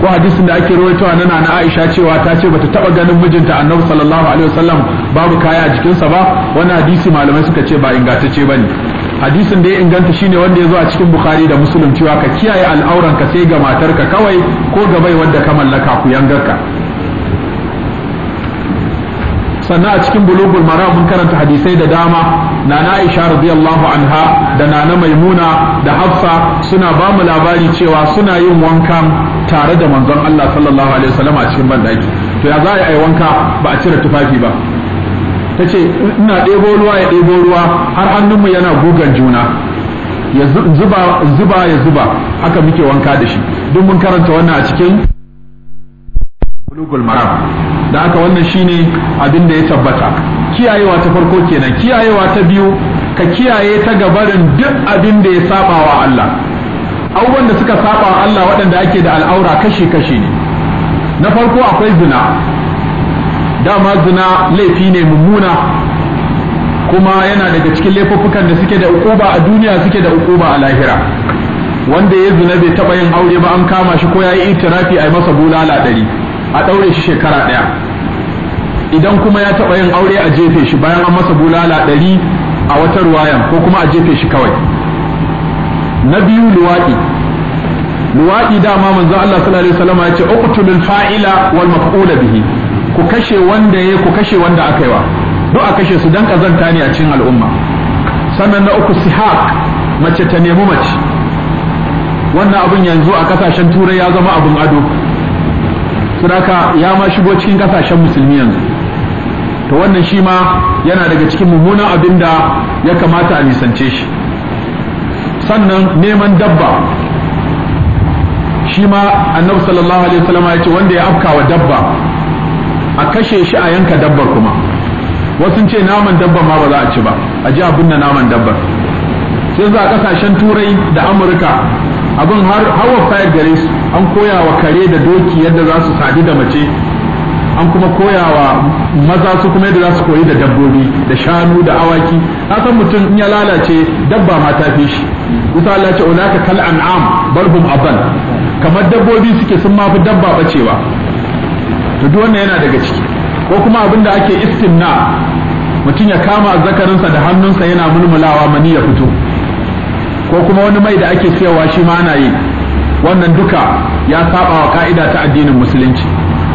ko hadisin da ake a nana na Aisha cewa ta ce bata taba ganin mijinta Annabi sallallahu alaihi wasallam babu kaya a jikinsa ba wannan hadisi malamai suka ce ba ingantacce bane hadisin da ya inganta shine wanda ya zo a cikin Bukhari da Muslim cewa ka kiyaye ka sai ga matarka kawai ko ga bai wanda ka mallaka ku yangarka sannan a cikin bulugul mara mun karanta hadisai da dama na Aisha radiyallahu anha da nana Maimuna da Hafsa suna ba mu labari cewa suna yin wanka tare da manzon Allah sallallahu alaihi wasallam a cikin bandaki to ya za a yi wanka ba a cire tufafi ba tace ina debo ruwa ya debo ruwa har hannunmu yana gugan juna ya zuba zuba ya zuba haka muke wanka da shi duk mun karanta wannan a cikin bulugul mara. da haka wannan shine abin da ya tabbata kiyayewa ta farko kenan kiyayewa ta biyu ka kiyaye ta gabarin duk abin da ya saba wa Allah abubuwan da suka saba wa Allah waɗanda ake da al'aura kashi-kashi ne na farko akwai zina dama zina laifi ne mummuna kuma yana daga cikin laifuffukan da suke da ukuba a duniya suke da ukuba a lahira wanda ya zina bai taɓa yin aure ba an kama shi ko ya yi itirafi a masa bulala ɗari a ɗaure shi shekara ɗaya idan kuma ya taɓa yin aure a jefe shi bayan an masa bulala ɗari a wata ruwayan ko kuma a jefe shi kawai na biyu luwaɗi luwaɗi dama manzo Allah sallallahu alaihi wasallam ya ce uqtulul fa'ila wal maf'ula bihi ku kashe wanda ya ku kashe wanda aka yi wa duk a kashe su dan kazanta ne a cikin al'umma sannan na uku sihaq mace ta nemi mace wannan abun yanzu a kasashen turai ya zama abin ado suraka ya ma shigo cikin kasashen musulmi yanzu to wannan shi ma yana daga cikin mummunan abin da ya kamata a nisance shi sannan neman dabba shi ma annabi sallallahu alaihi wasallam ya ce wanda ya afkawa dabba a kashe shi a yanka dabbar kuma wasu ce naman dabbar ma ba za a ci ba a ji abin da naman dabbar sai za kasashen turai da amurka abin har hawa fayar gare su an koya wa kare da doki yadda za su sadu da mace an kuma koya wa maza su kuma yadda za su koyi da dabbobi da shanu da awaki san mutum in ya lalace dabba ma ta fi shi kusa Allah ce ulaka kal an'am bal hum abal kamar dabbobi suke sun mafi dabba bacewa to duk wannan yana daga ciki ko kuma abin da ake na mutum ya kama azzakarinsa da hannunsa yana mulmulawa mani ya fito ko kuma wani mai da ake siyawa shi ma ana yi wannan duka ya saba wa ka'ida ta addinin musulunci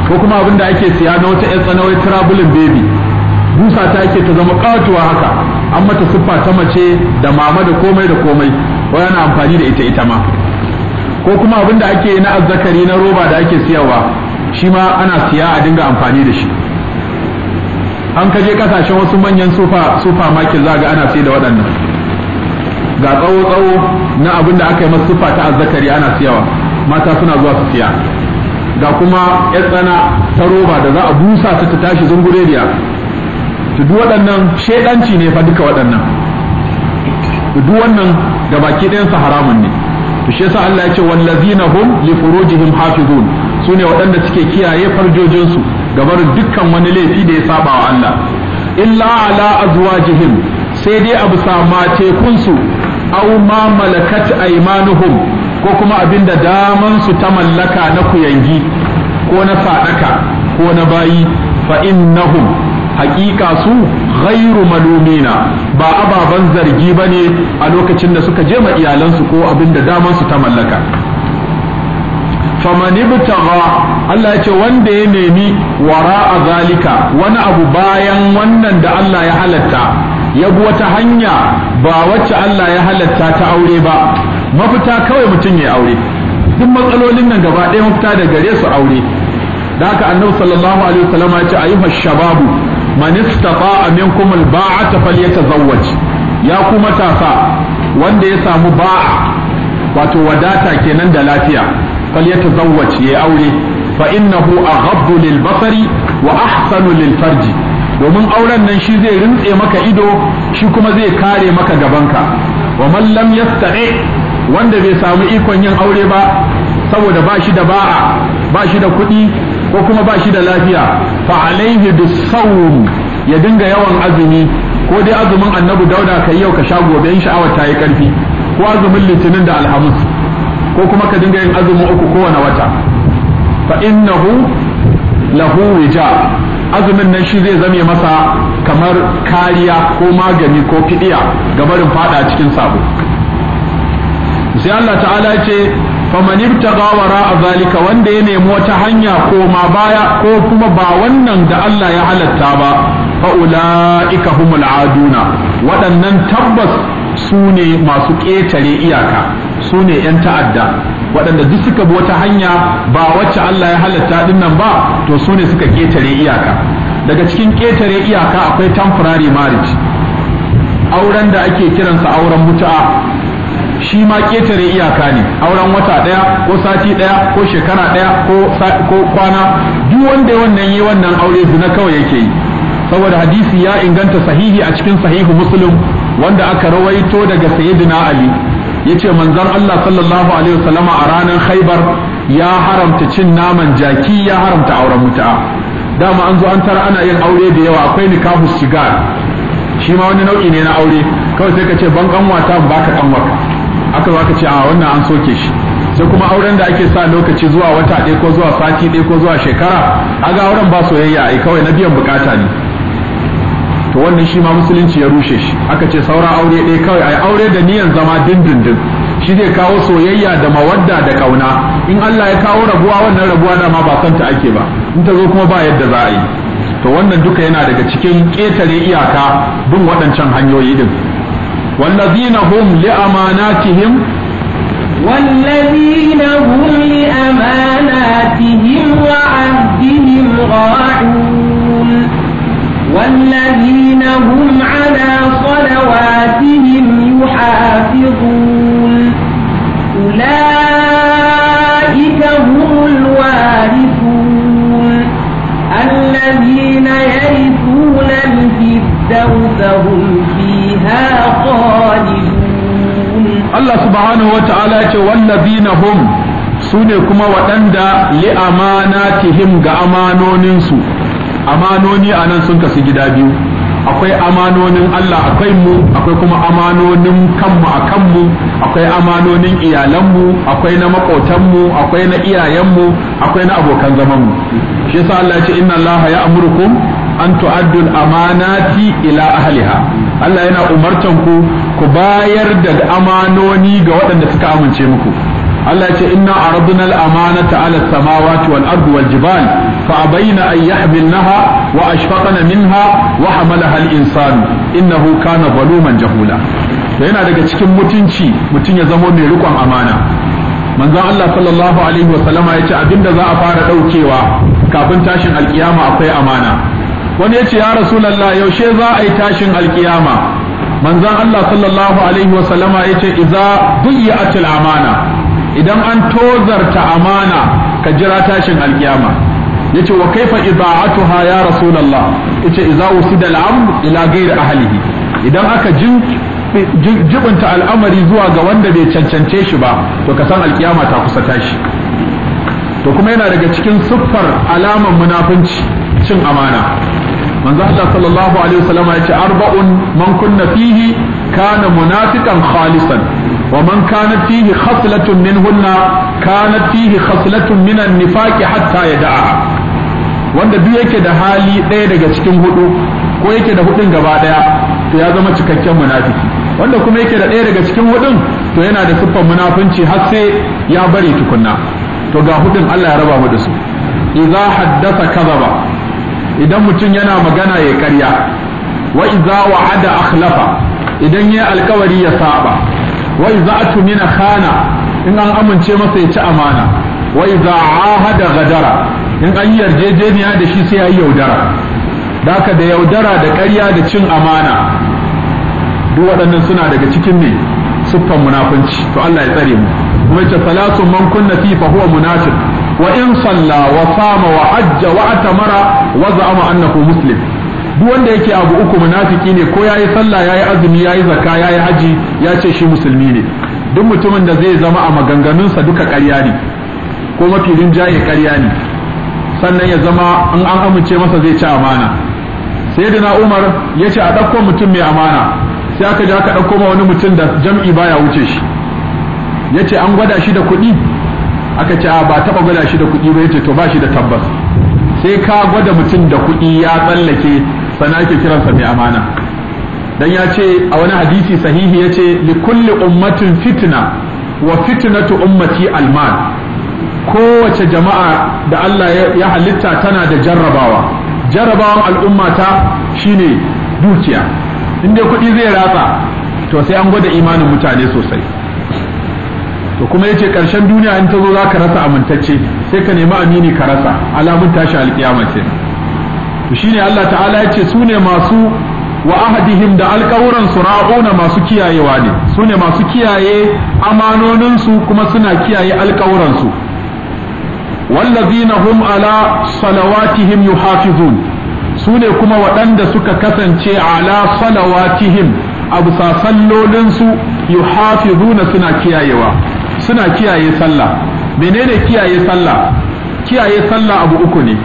ko kuma abin da ake siya na wata 'yar tsanawai turabulin baby busa ta ake ta zama kawatuwa haka an mata siffa ta mace da mama da komai da komai wa yana amfani da ita ita ma ko kuma abin da ake na azzakari na roba da ake siyarwa shi ma ana siya a dinga amfani da shi an kaje kasashen wasu manyan sufa sufa makin za ga ana sai da waɗannan ga tsawo tsawo na abin da aka yi masu siffa ta azzakari ana siyawa mata suna zuwa su siya ga kuma ya tsana ta roba da za a busa su ta tashi zungureriya to duk waɗannan shaidanci ne fa duka waɗannan duk wannan da baki ɗayansa haramun ne to shi yasa Allah ya ce wallazina hum li furujihim hafizun sune waɗanda suke kiyaye farjojinsu su gabar dukkan wani laifi da ya saba wa Allah illa zuwa azwajihim sai dai abu sa mace kunsu aw ma malakat aymanuhum ko kuma abinda daman su ta mallaka na kuyangi ko na fadaka ko na bayi fa innahum haƙiƙa su ghairu malumina ba ababan zargi ba ne a lokacin da suka je ma iyalansu ko abinda daman su ta mallaka faman ibtagha Allah ya ce wanda ya nemi wara a zalika wani abu bayan wannan da Allah ya halatta ya bi wata hanya ba wacce Allah ya halatta ta aure ba mafita kawai mutum ya aure duk matsalolin nan gaba ɗaya mafita da gare su aure da haka annabi sallallahu alaihi wasallam ya ce ayyuha shababu man istata'a minkum alba'ata falyatazawwaj ya ku matasa wanda ya samu ba'a wato wadata kenan da lafiya falyatazawwaj ya aure fa innahu aghaddu lil basari wa ahsanu lil farji domin auren nan shi zai rintse maka ido shi kuma zai kare maka gabanka wa man lam wanda bai samu ikon yin aure ba saboda ba shi da ba'a ba shi da kuɗi ko kuma ba shi da lafiya fa alaihi bisawm ya dinga yawan azumi ko dai azumin annabi dauda kai yau ka sha gobe in sha'awar ta yi karfi ko azumin litinin da alhamis ko kuma ka dinga yin azumin uku kowane wata fa innahu lahu wija azumin nan shi zai zame masa kamar kariya ko magani ko fidiya ga barin fada cikin sabo sai Allah ta'ala ce man ibtaga wara zalika wanda ya nemi wata hanya ko ma baya ko kuma ba wannan da Allah ya halatta ba fa ulaika humul aduna waɗannan tabbas su ne masu ƙetare iyaka su ne 'yan ta'adda waɗanda duk suka bi wata hanya ba wacce Allah ya halatta din nan ba to su ne suka ƙetare iyaka daga cikin ƙetare iyaka akwai temporary marriage auren da ake kiransa auren mutu'a shi ma ketare iyaka ne auren wata ɗaya ko sati ɗaya ko shekara ɗaya ko kwana duk wanda wannan yi wannan aure zina kawai yake yi saboda hadisi ya inganta sahihi a cikin sahihu muslim wanda aka rawaito daga sayyidina ali yace manzon Allah sallallahu alaihi wasallama a ranar Khaibar ya haramta cin naman jaki ya haramta auren mutu'a dama an zo an tara ana yin aure da yawa akwai nikahu sigar shi ma wani nau'i ne na aure kawai sai ka ce ban kanwata ka kanwarka aka zo aka ce a wannan an soke shi sai kuma auren da ake sa lokaci zuwa wata ɗaya ko zuwa sati ɗaya ko zuwa shekara a auren ba soyayya ai kawai na biyan bukata ne to wannan shi ma musulunci ya rushe shi aka ce saura aure ɗaya kawai ai aure da niyan zama dindindin shi zai kawo soyayya da mawadda da kauna in Allah ya kawo rabuwa wannan rabuwa dama ba santa ake ba in ta zo kuma ba yadda za a yi to wannan duka yana daga cikin ƙetare iyaka bin waɗancan hanyoyi din wallazina hum li amanatihim والذين هم لأماناتهم وعهدهم راعون والذين هم على صلواتهم يحافظون أولئك هم الوارثون الذين يرثون الفردوس هم فيها خالدون الله سبحانه وتعالى والذين هم su ne kuma waɗanda li'amanatihim ga amanoninsu amanoni a nan sun kasu gida biyu akwai amanonin Allah akwai mu akwai kuma amanonin kanmu a kanmu akwai amanonin iyalanmu akwai na makotanmu akwai na iyayenmu akwai na abokan zamanmu shi yasa Allah ya ce inna Allah ya Amurku an tu'addu amanati ila ahliha Allah yana umartan ku ku bayar da amanoni ga waɗanda suka amince muku Allah ya ce inna aradna al-amanata ala samawati wal ardi wal Jibali. Fa a wa wa أن يحملنها وأشفقن in na huka إنه كان ظلوما To yana daga cikin mutunci mutum ya zama mai rikon amana manzon Allah sallallahu alaihi wa sallama yace abinda za a fara ɗaukewa kafin tashin alkiyama akwai amana wani yace ya rasu rasulullah yaushe za a yi tashin alkiyama manzon Allah sallallahu alaihi wa sallama yace idza duyi'atil amana idan an tozarta amana ka jira tashin alkiyama yace wa kaifa idaa'atuha ya rasulullah yace idza usida al-amr ila ghairi ahlihi idan aka jin jibinta al'amari zuwa ga wanda bai cancance shi ba to ka san alkiyama ta kusa tashi to kuma yana daga cikin siffar alaman munafunci cin amana manzo Allah sallallahu alaihi wasallam yace arba'un man kunna fihi kana munafiqan khalisan wa man kanat fihi khaslatun minhunna kanat fihi khaslatun minan nifaqi hatta da'a. wanda duk yake da hali ɗaya daga cikin hudu ko yake da hudun gaba ɗaya to ya zama cikakken munafiki wanda kuma yake da ɗaya daga cikin hudun to yana da siffar munafunci har sai ya bari tukunna to ga hudun Allah ya raba mu da su idza haddasa kadhaba idan mutum yana magana ya karya wa idza wa'ada akhlafa idan yayi alkawari ya saba wa idza atmina khana in an amince masa ya ci amana wa idza ahada gadara in an yi yarjejeniya da shi sai a yi yaudara daka da yaudara da ƙarya da cin amana duk waɗannan suna daga cikin ne siffan munafunci to Allah ya tsare mu kuma ce salatu man kunna fi fa huwa munafiq wa in salla wa sama wa hajja wa atamara wa za'ama annahu muslim duk wanda yake abu uku munafiki ne ko yayi sallah yayi azumi yayi zakka yayi haji ya ce shi musulmi ne duk mutumin da zai zama a maganganunsa duka ƙarya ne ko mafi rinjaye ƙarya ne sannan ya zama in an amince masa zai ci amana sayyidina umar ya ce a ɗauko mutum mai amana sai aka je aka ɗauko ma wani mutum da jam'i baya wuce shi ya ce an gwada shi da kuɗi aka ce ba taɓa gwada shi da kuɗi ba ya ce to ba shi da tabbas sai ka gwada mutum da kuɗi ya tsallake sana ake kiransa mai amana dan ya ce a wani hadisi sahihi ya ce li kulli ummatin fitna wa fitnatu ummati almal kowace jama'a da Allah ya halitta tana da jarrabawa jarrabawan ta shine dukiya inda kuɗi zai ratsa to sai an gwada imanin mutane sosai to kuma yace ƙarshen duniya in ta zo za ka rasa amintacce sai ka nemi amini ka rasa alamun tashi alƙiyama ce to shine Allah ta'ala yace su ne masu wa ahadihim da alƙawuran su masu kiyayewa ne su ne masu kiyaye amanoninsu kuma suna kiyaye alƙawuransu su wallazina hum ala salawatihim yuhafizun su ne kuma waɗanda suka kasance ala salawatihim a bisa sallolinsu yuhafizuna suna kiyayewa suna kiyaye sallah menene kiyaye sallah kiyaye sallah abu uku ne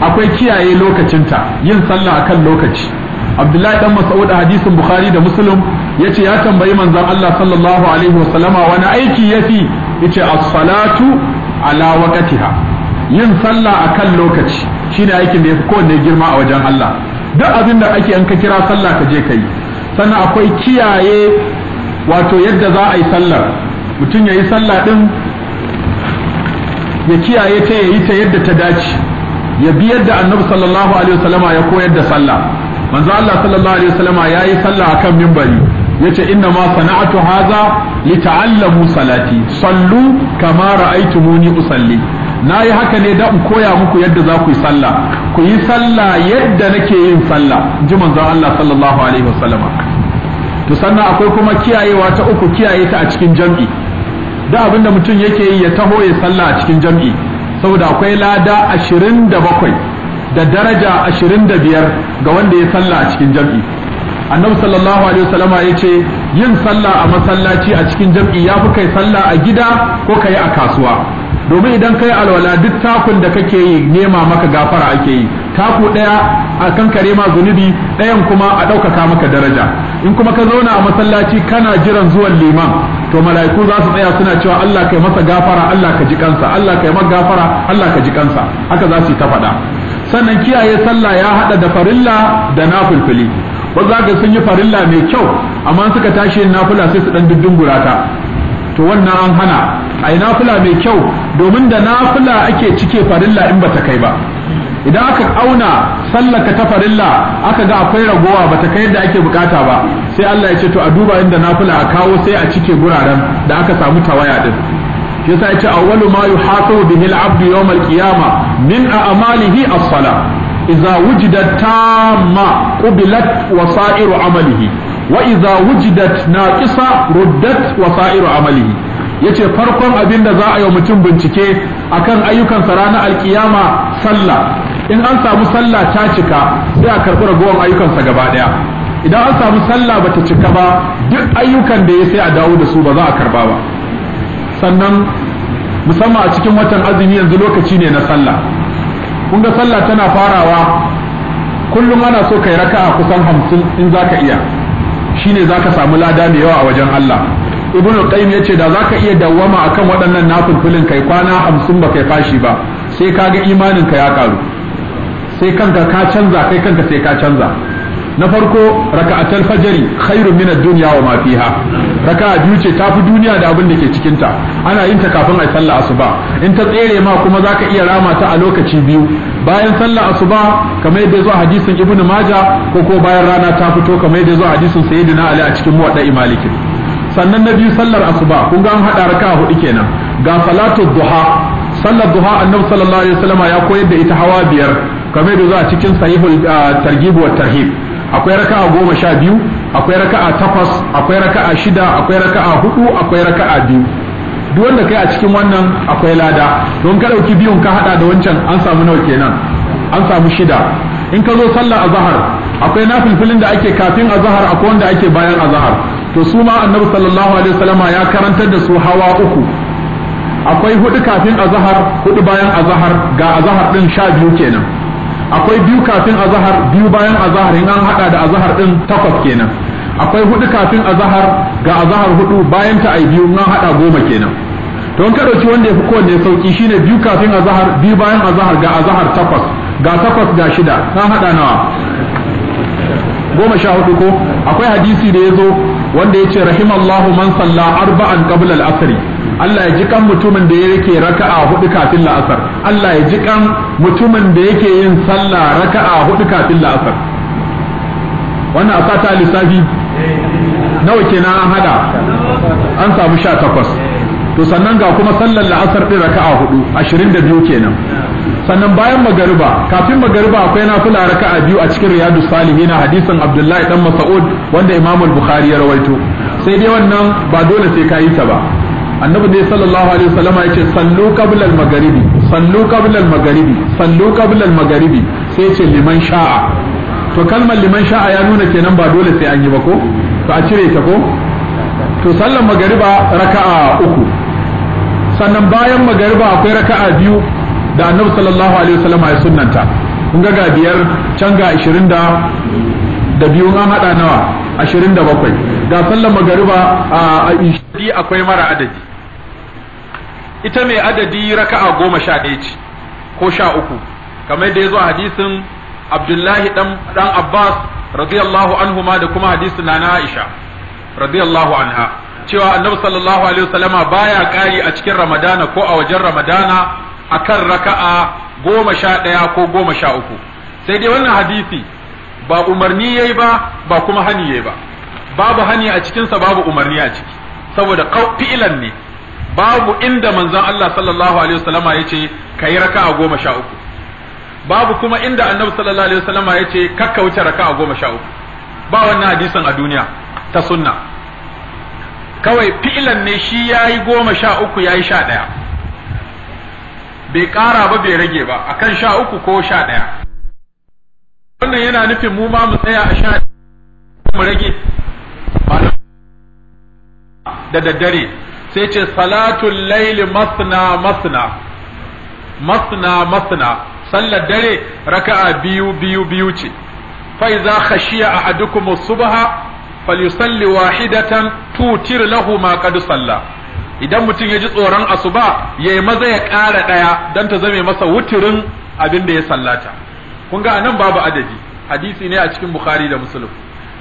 akwai kiyaye lokacinta yin sallah akan lokaci abdullahi dan mas'ud a hadisin bukhari da muslim yace ya tambayi manzon Allah sallallahu alaihi wasallama wani aiki yafi yace as-salatu ala wakatiha yin sallah a kan lokaci shi ne aikin da ya fi kowanne girma a wajen Allah duk abin da ake an ka kira sallah ka je ka yi sannan akwai kiyaye wato yadda za a yi sallar mutum ya yi sallah din ya kiyaye ta ya yi ta yadda ta dace ya bi yadda annabi sallallahu alaihi wasallama ya koyar da sallah manzo Allah sallallahu alaihi wasallama ya yi sallah akan mimbari yace inna ma sana'atu hadha lita'allamu salati sallu kama ra'aytumuni usalli nayi haka ne da in koya muku yadda za ku yi sallah ku yi sallah yadda nake yin sallah ji manzon Allah sallallahu alaihi wasallama to sannan akwai kuma kiyayewa ta uku kiyaye ta a cikin jam'i da abinda mutum yake yi ya taho ya sallah a cikin jam'i saboda akwai lada ashirin da bakwai da daraja ashirin da biyar ga wanda ya sallah a cikin jam'i annabi sallallahu alaihi wasallama ce yin sallah a masallaci a cikin jam'i ya fi kai sallah a gida ko kai a kasuwa domin idan kai alwala duk takun da kake yi nema maka gafara ake yi taku daya a kan kare ma zunubi dayan kuma a ɗaukaka maka daraja in kuma ka zauna a masallaci kana jiran zuwan liman to mala'iku za su tsaya suna cewa Allah kai masa gafara Allah ka ji kansa Allah kai masa gafara Allah ka ji kansa haka za su yi ta faɗa sannan kiyaye sallah ya haɗa da farilla da nafilfili ba za ga sun yi farilla mai kyau amma suka tashi yin nafula sai su dan dundungura ta to wannan an hana a yi nafula mai kyau domin da nafula ake cike farilla in bata kai ba idan aka auna sallaka ta farilla aka ga akwai ragowa bata kai yadda ake bukata ba sai Allah ya ce to a duba inda nafula a kawo sai a cike guraren da aka samu tawaya din yasa ya ce awwalu ma yuhasabu bihi al-abdu yawm al-qiyamah min a'malihi as-salah إذا وجدت tamma قبلت wasairu عمله وإذا وجدت ناقصة ردت ruddat wasairu yace farkon abin da za a yi wa mutum bincike akan ayyukansa ranar alkiyama sallah in an samu sallah ta cika sai a karɓi ragowar ayyukansa gaba ɗaya idan an samu sallah bata cika ba duk ayyukan da ya sai a dawo da su ba za a karba ba sannan musamman a cikin watan azumi yanzu lokaci ne na sallah kun ga sallah tana farawa kullum ana so kai raka'a kusan hamsin in zaka iya shine zaka samu lada mai yawa a wajen Allah ibn qayyim yace da ka iya dawwama akan waɗannan nafilin kai kwana hamsin ba kai fashi ba sai ka imanin ka ya karu sai kanka ka canza kai kanka sai ka canza na farko raka'atul fajri khairun min ad-dunya wa ma fiha raka a biyu ce fi duniya da abin da ke cikinta ana yin ta kafin yi sallah asuba in ta tsere ma kuma za ka iya rama ta a lokaci biyu bayan sallah asuba kamar yadda zuwa hadisin ibnu maja ko ko bayan rana ta fito kamar yadda zuwa hadisin sayyidina ali a cikin muwadda'i maliki sannan na biyu sallar asuba kun ga an hada raka hudu kenan ga salatu duha sallar duha annabi sallallahu alaihi wasallam ya koyar da ita hawa biyar kamar yadda zuwa cikin sahihul ah, targhib wa tarhib akwai raka'a goma sha biyu akwai raka'a takwas akwai raka'a shida akwai raka'a hudu akwai raka'a biyu duk wanda kai a cikin wannan akwai lada don ka dauki biyun ka hada da wancan an samu nawa kenan an samu shida in ka zo sallar azhar akwai nafilfilin da ake kafin azhar akwai wanda ake bayan azhar to su ma annabi sallallahu alaihi wasallama ya karantar da su hawa uku akwai hudu kafin azhar hudu bayan azhar ga azhar din sha biyu kenan akwai biyu kafin azahar biyu bayan azahar in an hada da azahar din takwas kenan akwai hudu kafin azahar ga azahar hudu bayan ta ai biyu in hada goma kenan to in ka dauki wanda ya fi kowanne sauki shine biyu kafin azahar biyu bayan azahar ga azahar takwas ga takwas ga shida na hada nawa goma sha hudu ko akwai hadisi da ya zo wanda ya ce rahimallahu man salla arba'an qabla al-asri Allah ya ji kan mutumin da yake raka'a hudu kafin la'asar Allah ya ji kan mutumin da yake yin sallah raka'a hudu kafin la'asar wannan a lissafi nawa kenan an hada an samu sha takwas to sannan ga kuma sallar la'asar din raka'a hudu ashirin da biyu kenan sannan bayan magariba kafin magariba akwai na nafila raka'a biyu a cikin riyadu salihin hadisin abdullahi dan mas'ud wanda Imamul bukhari ya rawaito sai dai wannan ba dole sai ka yi ta ba annabi ne sallallahu alaihi wasallam ya ce sallu qabla al-maghribi sallu qabla al-maghribi sallu qabla al-maghribi sai ce liman sha'a to kalmar liman sha'a ya nuna kenan ba dole sai an yi ba ko to a cire ta ko to sallar magariba raka'a uku sannan bayan magariba akwai raka'a biyu da annabi sallallahu alaihi wasallam ya sunnanta kun ga ga biyar can ga 20 da da biyu an hada nawa 27 ga sallar magariba a ishadi akwai mara adadi ita mai adadi raka'a goma sha ɗaya ce ko sha uku kamar da ya zo hadisin abdullahi ɗan abbas radiyallahu anhu ma da kuma hadisin nana aisha radiyallahu anha cewa annabi sallallahu alaihi wasallama baya ƙari a cikin ramadana ko a wajen ramadana akan raka'a goma sha ɗaya ko goma sha uku sai dai wannan hadisi ba umarni yayi ba ba kuma hani yayi ba babu hani a cikinsa babu umarni a ciki saboda fi'ilan ne babu inda manzon Allah sallallahu alaihi wasallama yace kai raka'a goma sha uku babu kuma inda annabi sallallahu alaihi wasallama yace kakka wuce raka'a goma sha uku ba wannan hadisin a duniya ta sunna kawai fi'ilan ne shi yayi goma sha uku yayi sha ɗaya bai ƙara ba bai rage ba akan sha uku ko sha ɗaya wannan yana nufin mu ma mu tsaya a sha mu rage da daddare sai ce salatul laili masna masna masna masna sallar dare raka'a biyu biyu biyu ce fa idza khashiya ahadukum subha falyusalli wahidatan tutir lahu ma qad salla idan mutum ya ji tsoron asuba yayi maza ya ƙara ɗaya don ta zame masa wuturin abin da ya sallata kun ga anan babu adadi hadisi ne a cikin bukhari da muslim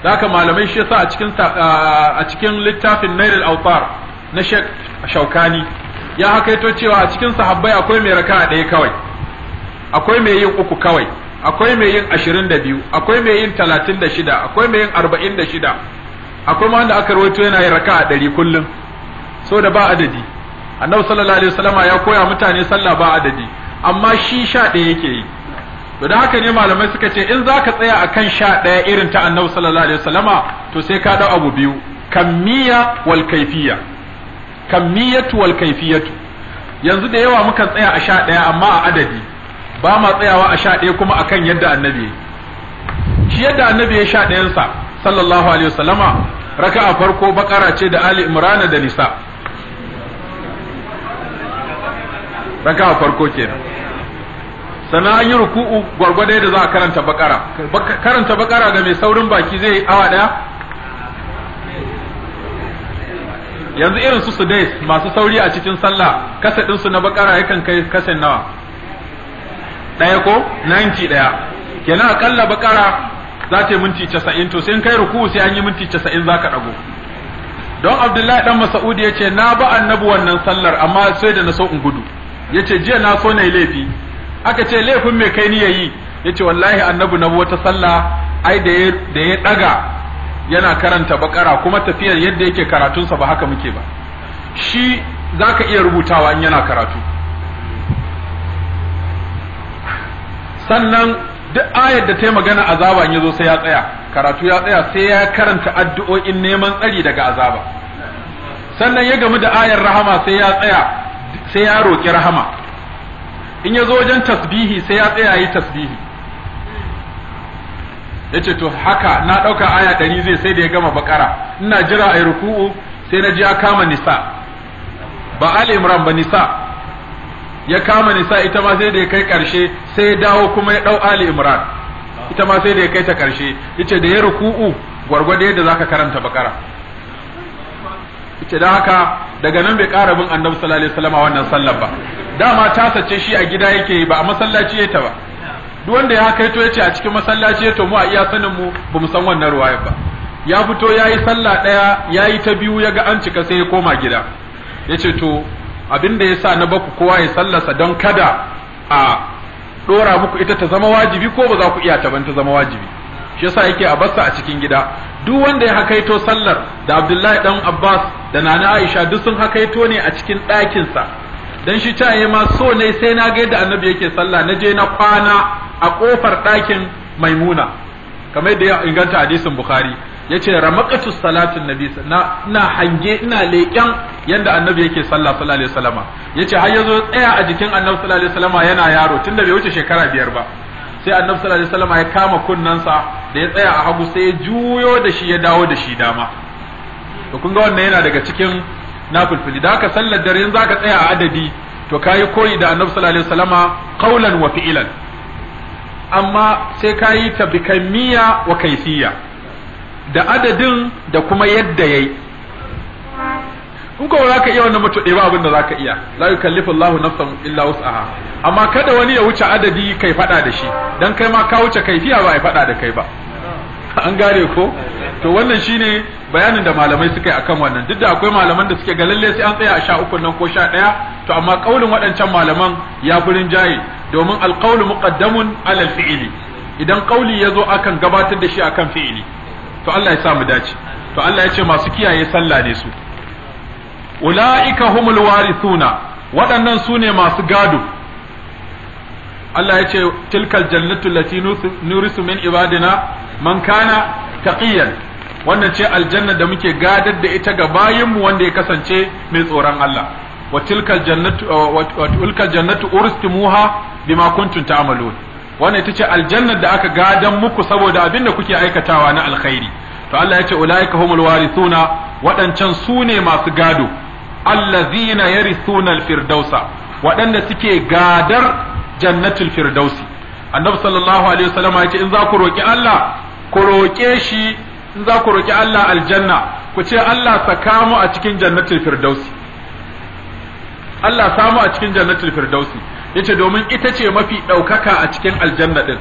haka malamai shi yasa a cikin a cikin littafin nairul awtar na shek a shaukani ya ito cewa a cikin sahabbai akwai mai raka ɗaya kawai akwai mai yin uku kawai akwai mai yin ashirin da biyu akwai mai yin talatin da shida akwai mai yin arba'in da shida akwai ma wanda aka rawaito yana yin raka a ɗari kullum so da ba adadi annabi sallallahu alaihi wasallam ya koya mutane sallah ba adadi amma shi sha ɗaya yake yi to da haka ne malamai suka ce in za ka tsaya akan sha ɗaya irin ta annabi sallallahu alaihi wasallama to sai ka ɗau abu biyu kammiya wal kaifiya kammiyatu wal kaifiyatu yanzu da yawa muka tsaya a sha ɗaya amma a adadi ba ma tsayawa a sha ɗaya kuma akan yadda annabi shi yadda annabi ya sha ɗayansa sallallahu alaihi wasallama raka'a farko bakara ce da ali imrana da nisa raka'a farko kenan sannan an yi ruku'u gwargwadai da za a karanta bakara karanta bakara ga mai saurin baki zai yi awa ɗaya yanzu irin su sudais masu sauri a cikin sallah kasa ɗinsu na bakara yakan kai kasan nawa ɗaya ko nanki ɗaya kenan akalla bakara za ta yi minti casa'in to sai kai ruku sai an yi minti casa'in za ka ɗago don abdullahi dan mas'ud ya ce na ba annabi wannan sallar amma sai da na so in gudu ya ce jiya na so na yi laifi aka ce laifin mai kai ni yayi ya ce wallahi annabi na wata sallah ai da ya ɗaga yana karanta bakara kuma tafiyar yadda yake karatunsa ba haka muke ba shi zaka iya rubutawa in yana karatu sannan duk ayar da ta yi magana azaba in zo sai ya tsaya karatu ya tsaya sai ya karanta addu'o'in neman tsari daga azaba sannan ya gamu da ayar rahama sai ya tsaya sai ya roki rahama in ya zo wajen tasbihi sai ya tsaya yi tasbihi yace to haka na dauka aya dari zai sai da ya gama bakara ina jira ai ruku'u sai na ji ya kama nisa ba ali imran ba nisa ya kama nisa ita ma sai da ya kai karshe sai ya dawo kuma ya dau ali imran ita ma sai da ya kai ta karshe yace da ya ruku'u gwargwado yadda zaka karanta bakara yace da haka daga nan bai ƙara bin annabi sallallahu alaihi wasallam wannan sallar ba dama ta sace shi a gida yake ba a masallaci yake ta ba duk wanda ya kai to yace a cikin masallaci to mu a iya sanin mu ba mu san wannan ruwaya ba ya fito ya yi sallah daya yi ta biyu ya ga an cika sai ya koma gida Ya ce to abinda sa na baku kowa ya sallarsa don kada a dora muku ita ta zama wajibi ko ba za ku iya ta ban ta zama wajibi shi yasa yake a bassa a cikin gida duk wanda ya hakaito sallar da Abdullahi dan Abbas da Nana Aisha duk sun hakaito ne a cikin ɗakinsa. dan shi ta yi ma so ne sai na ga yadda annabi yake sallah naje na kwana a kofar ɗakin maimuna kamar yadda ya inganta hadisin bukhari yace ramaqatu salatin nabi na ina hange ina leƙen yanda annabi yake sallah sallallahu alaihi wasallama yace har yazo tsaya a jikin annabi sallallahu alaihi wasallama yana yaro tunda bai wuce shekara biyar ba sai annabi sallallahu alaihi wasallama ya kama kunnansa da ya tsaya a hagu sai ya juyo da shi ya dawo da shi dama to kun ga wannan yana daga cikin na fulfili da haka sallar dare in zaka tsaya a adadi to kayi koyi da annabi sallallahu alaihi wasallama qaulan wa fi'lan amma sai kayi ta bi wa kaifiya da adadin da kuma yadda yayi in ko za ka iya wannan mutu ɗaya ba abin da za ka iya la yukallifu Allahu nafsan illa wus'aha amma kada wani ya wuce adadi kai fada da shi dan kai ma ka wuce kaifiya ba ai fada da kai ba an gare ko to wannan shine bayanin da malamai suka yi akan wannan duk da akwai malaman da suke ga lalle sai an tsaya a sha uku nan ko sha ɗaya to amma kaulin waɗancan malaman ya fi jaye domin alqaulu muqaddamun alal fi'ili idan kauli ya zo akan gabatar da shi akan fi'ili to Allah ya sa mu dace to Allah ya ce masu kiyaye sallah ne su ulaika humul warithuna waɗannan su ne masu gado Allah ya ce tilkal jannatu lati nurisu min ibadina man kana taqiyan wannan ce aljanna da muke gadar da ita ga bayinmu wanda ya kasance mai tsoron Allah wa tilkal jannatu uh, wa tilkal jannatu urstimuha bima kuntum ta'malun wannan ita ce aljannar da aka gadan muku saboda abin da kuke aikatawa na alkhairi to Allah ya ce ulaika humul warithuna waɗancan su ne masu gado allazina yarithuna alfirdausa waɗanda suke gadar jannatul firdausi annabi sallallahu alaihi wasallam ya ce in za ku roki Allah ku roƙe shi in za ku roƙi Allah aljanna ku ce Allah saka mu a cikin jannatul firdausi Allah samu a cikin jannatul firdausi yace domin ita ce mafi ɗaukaka a cikin aljanna din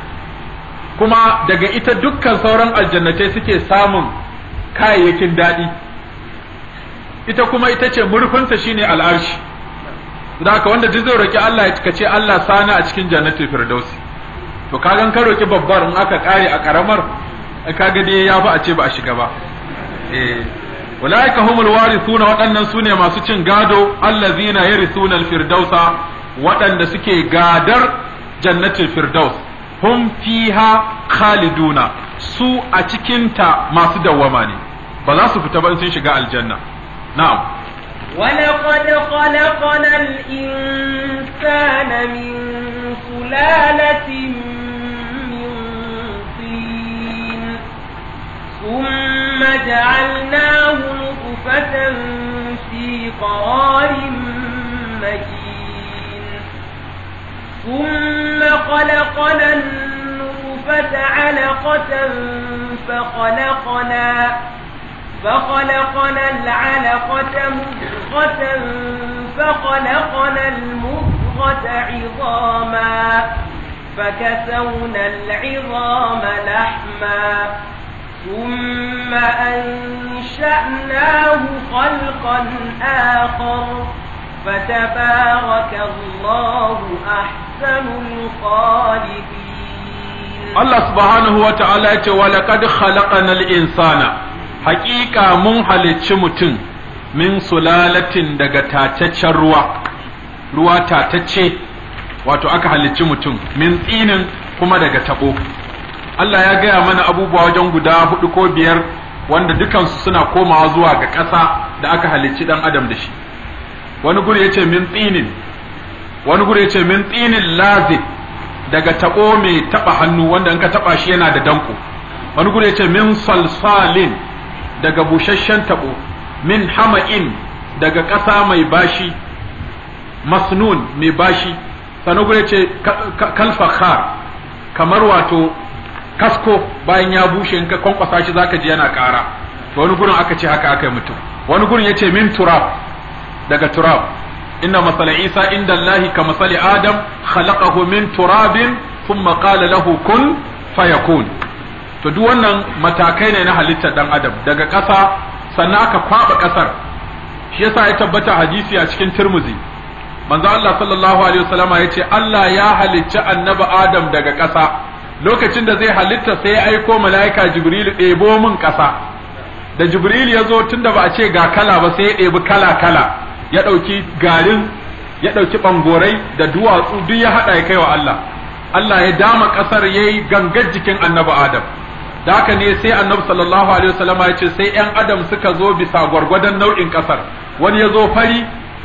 kuma daga ita dukkan sauran aljannatai suke samun kayayyakin daɗi ita kuma ita ce murfinta shine al'arshi da haka wanda duk zai roki Allah ya ce Allah sani a cikin jannatul firdausi to kagan ka roki babbar in aka kare a karamar kaga dai ya fi a ce ba a shiga ba eh ulaika humul warithuna waɗannan sune masu cin gado allazina yarithuna alfirdausa waɗanda suke gadar Jannatin firdaus hum fiha khaliduna su a cikinta masu dawwama ne ba za su fita ba in sun shiga aljanna na'am ولقد خلقنا الإنسان من سلالة ثم جعلناه نطفة في قرار مكين ثم خلقنا النطفة علقة فخلقنا فخلقنا العلقة مضغة فخلقنا المضغة عظاما فكسونا العظام لحما ثم أنشأناه خلقا آخر فتبارك الله أحسن الخالقين الله سبحانه وتعالى ولقد خلقنا الإنسان حقيقة من حلتشمتن من سلالة دقتاتش الروا ruwa tatacce wato aka halicci mutum min tsinin kuma daga tabo Allah ya gaya mana abubuwa wajen guda hudu ko biyar wanda dukansu suna komawa zuwa ga ƙasa da aka halicci ɗan adam da shi wani guri ya ce min tsinin wani guri ya ce min tsinin lazi daga taɓo mai taɓa hannu wanda in ka taɓa shi yana da danko wani guri ya ce min salsalin daga busasshen taɓo, min hama'in daga ƙasa mai bashi masnun mai bashi sannan ce kamar wato kasko bayan ya bushe in ka kwankwasa shi zaka ji yana ƙara wani gurin aka ce haka aka yi mutum wani gurin ya ce min turab daga turab inna masala isa inda allahi ka masali adam khalaqahu min turabin thumma qala lahu kun fayakun to duk wannan matakai ne na halittar dan adam daga ƙasa sannan aka kwaba ƙasar shi yasa ya tabbata hadisi a cikin tirmizi manzo Allah sallallahu alaihi wasallama yace Allah ya halicci annabi adam daga ƙasa lokacin da zai halitta sai ya aiko mala'ika jibril ɗebo min ƙasa da jibril ya zo tunda ba a ce ga kala ba sai ya ɗebi kala kala ya ɗauki garin ya ɗauki ɓangorai da duwatsu duk ya haɗa ya kai wa Allah Allah ya dama ƙasar ya yi gangar jikin annabi Adam da haka ne sai annabi sallallahu alaihi wasallama ya ce sai ƴan adam suka zo bisa gwargwadon nau'in ƙasar wani ya zo fari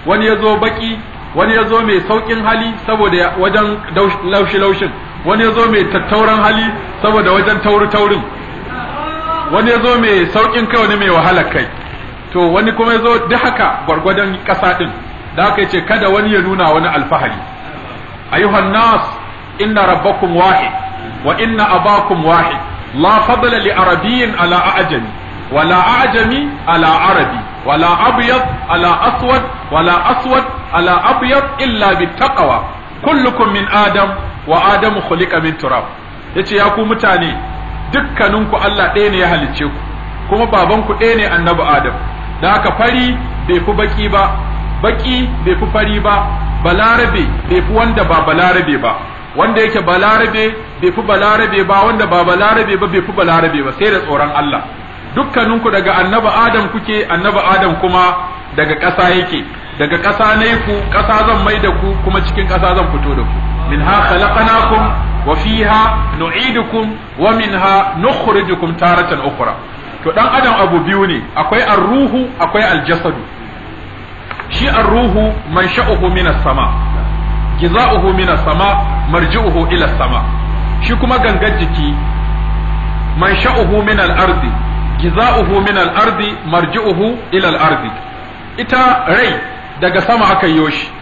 wani ya zo baki wani ya zo mai sauƙin hali saboda wajen laushi laushin wani ya zo mai tattauran hali saboda wajen tauri taurin wani ya zo mai saukin kai wani mai wahalar kai to wani kuma ya zo duk haka gwargwadon ƙasa ɗin da haka ya ce kada wani ya nuna wani alfahari ayyuhan nas inna rabbakum wahid wa inna abakum wahid la fadla li arabiyyin ala ajami wala ajami ala arabi wala abyad ala aswad wala aswad ala abyad illa bittaqwa kullukum min adam wa adamu khuliqa min turab yace ya ku mutane dukkaninku Allah ɗaya ne ya halicce ku kuma babanku ɗaya ne annabi adam da haka fari bai fi baki ba baki bai fi fari ba balarabe bai fi wanda ba balarabe ba wanda yake balarabe bai fi balarabe ba wanda ba balarabe ba bai fi balarabe ba sai da tsoron Allah dukkaninku daga annabi adam kuke annabi adam kuma daga ƙasa yake daga ƙasa ne ku ƙasa zan mai da ku kuma cikin ƙasa zan fito da ku منها خلقناكم وفيها نعيدكم ومنها نخرجكم تارة أخرى to dan adam abu biyu ne akwai aruhu akwai aljasadu shi arruhu mansha'uhu min as-sama giza'uhu min as-sama marji'uhu ila as-sama shi kuma gangar jiki mansha'uhu min al-ardi giza'uhu min al-ardi marji'uhu ila al-ardi ita rai daga sama aka yi shi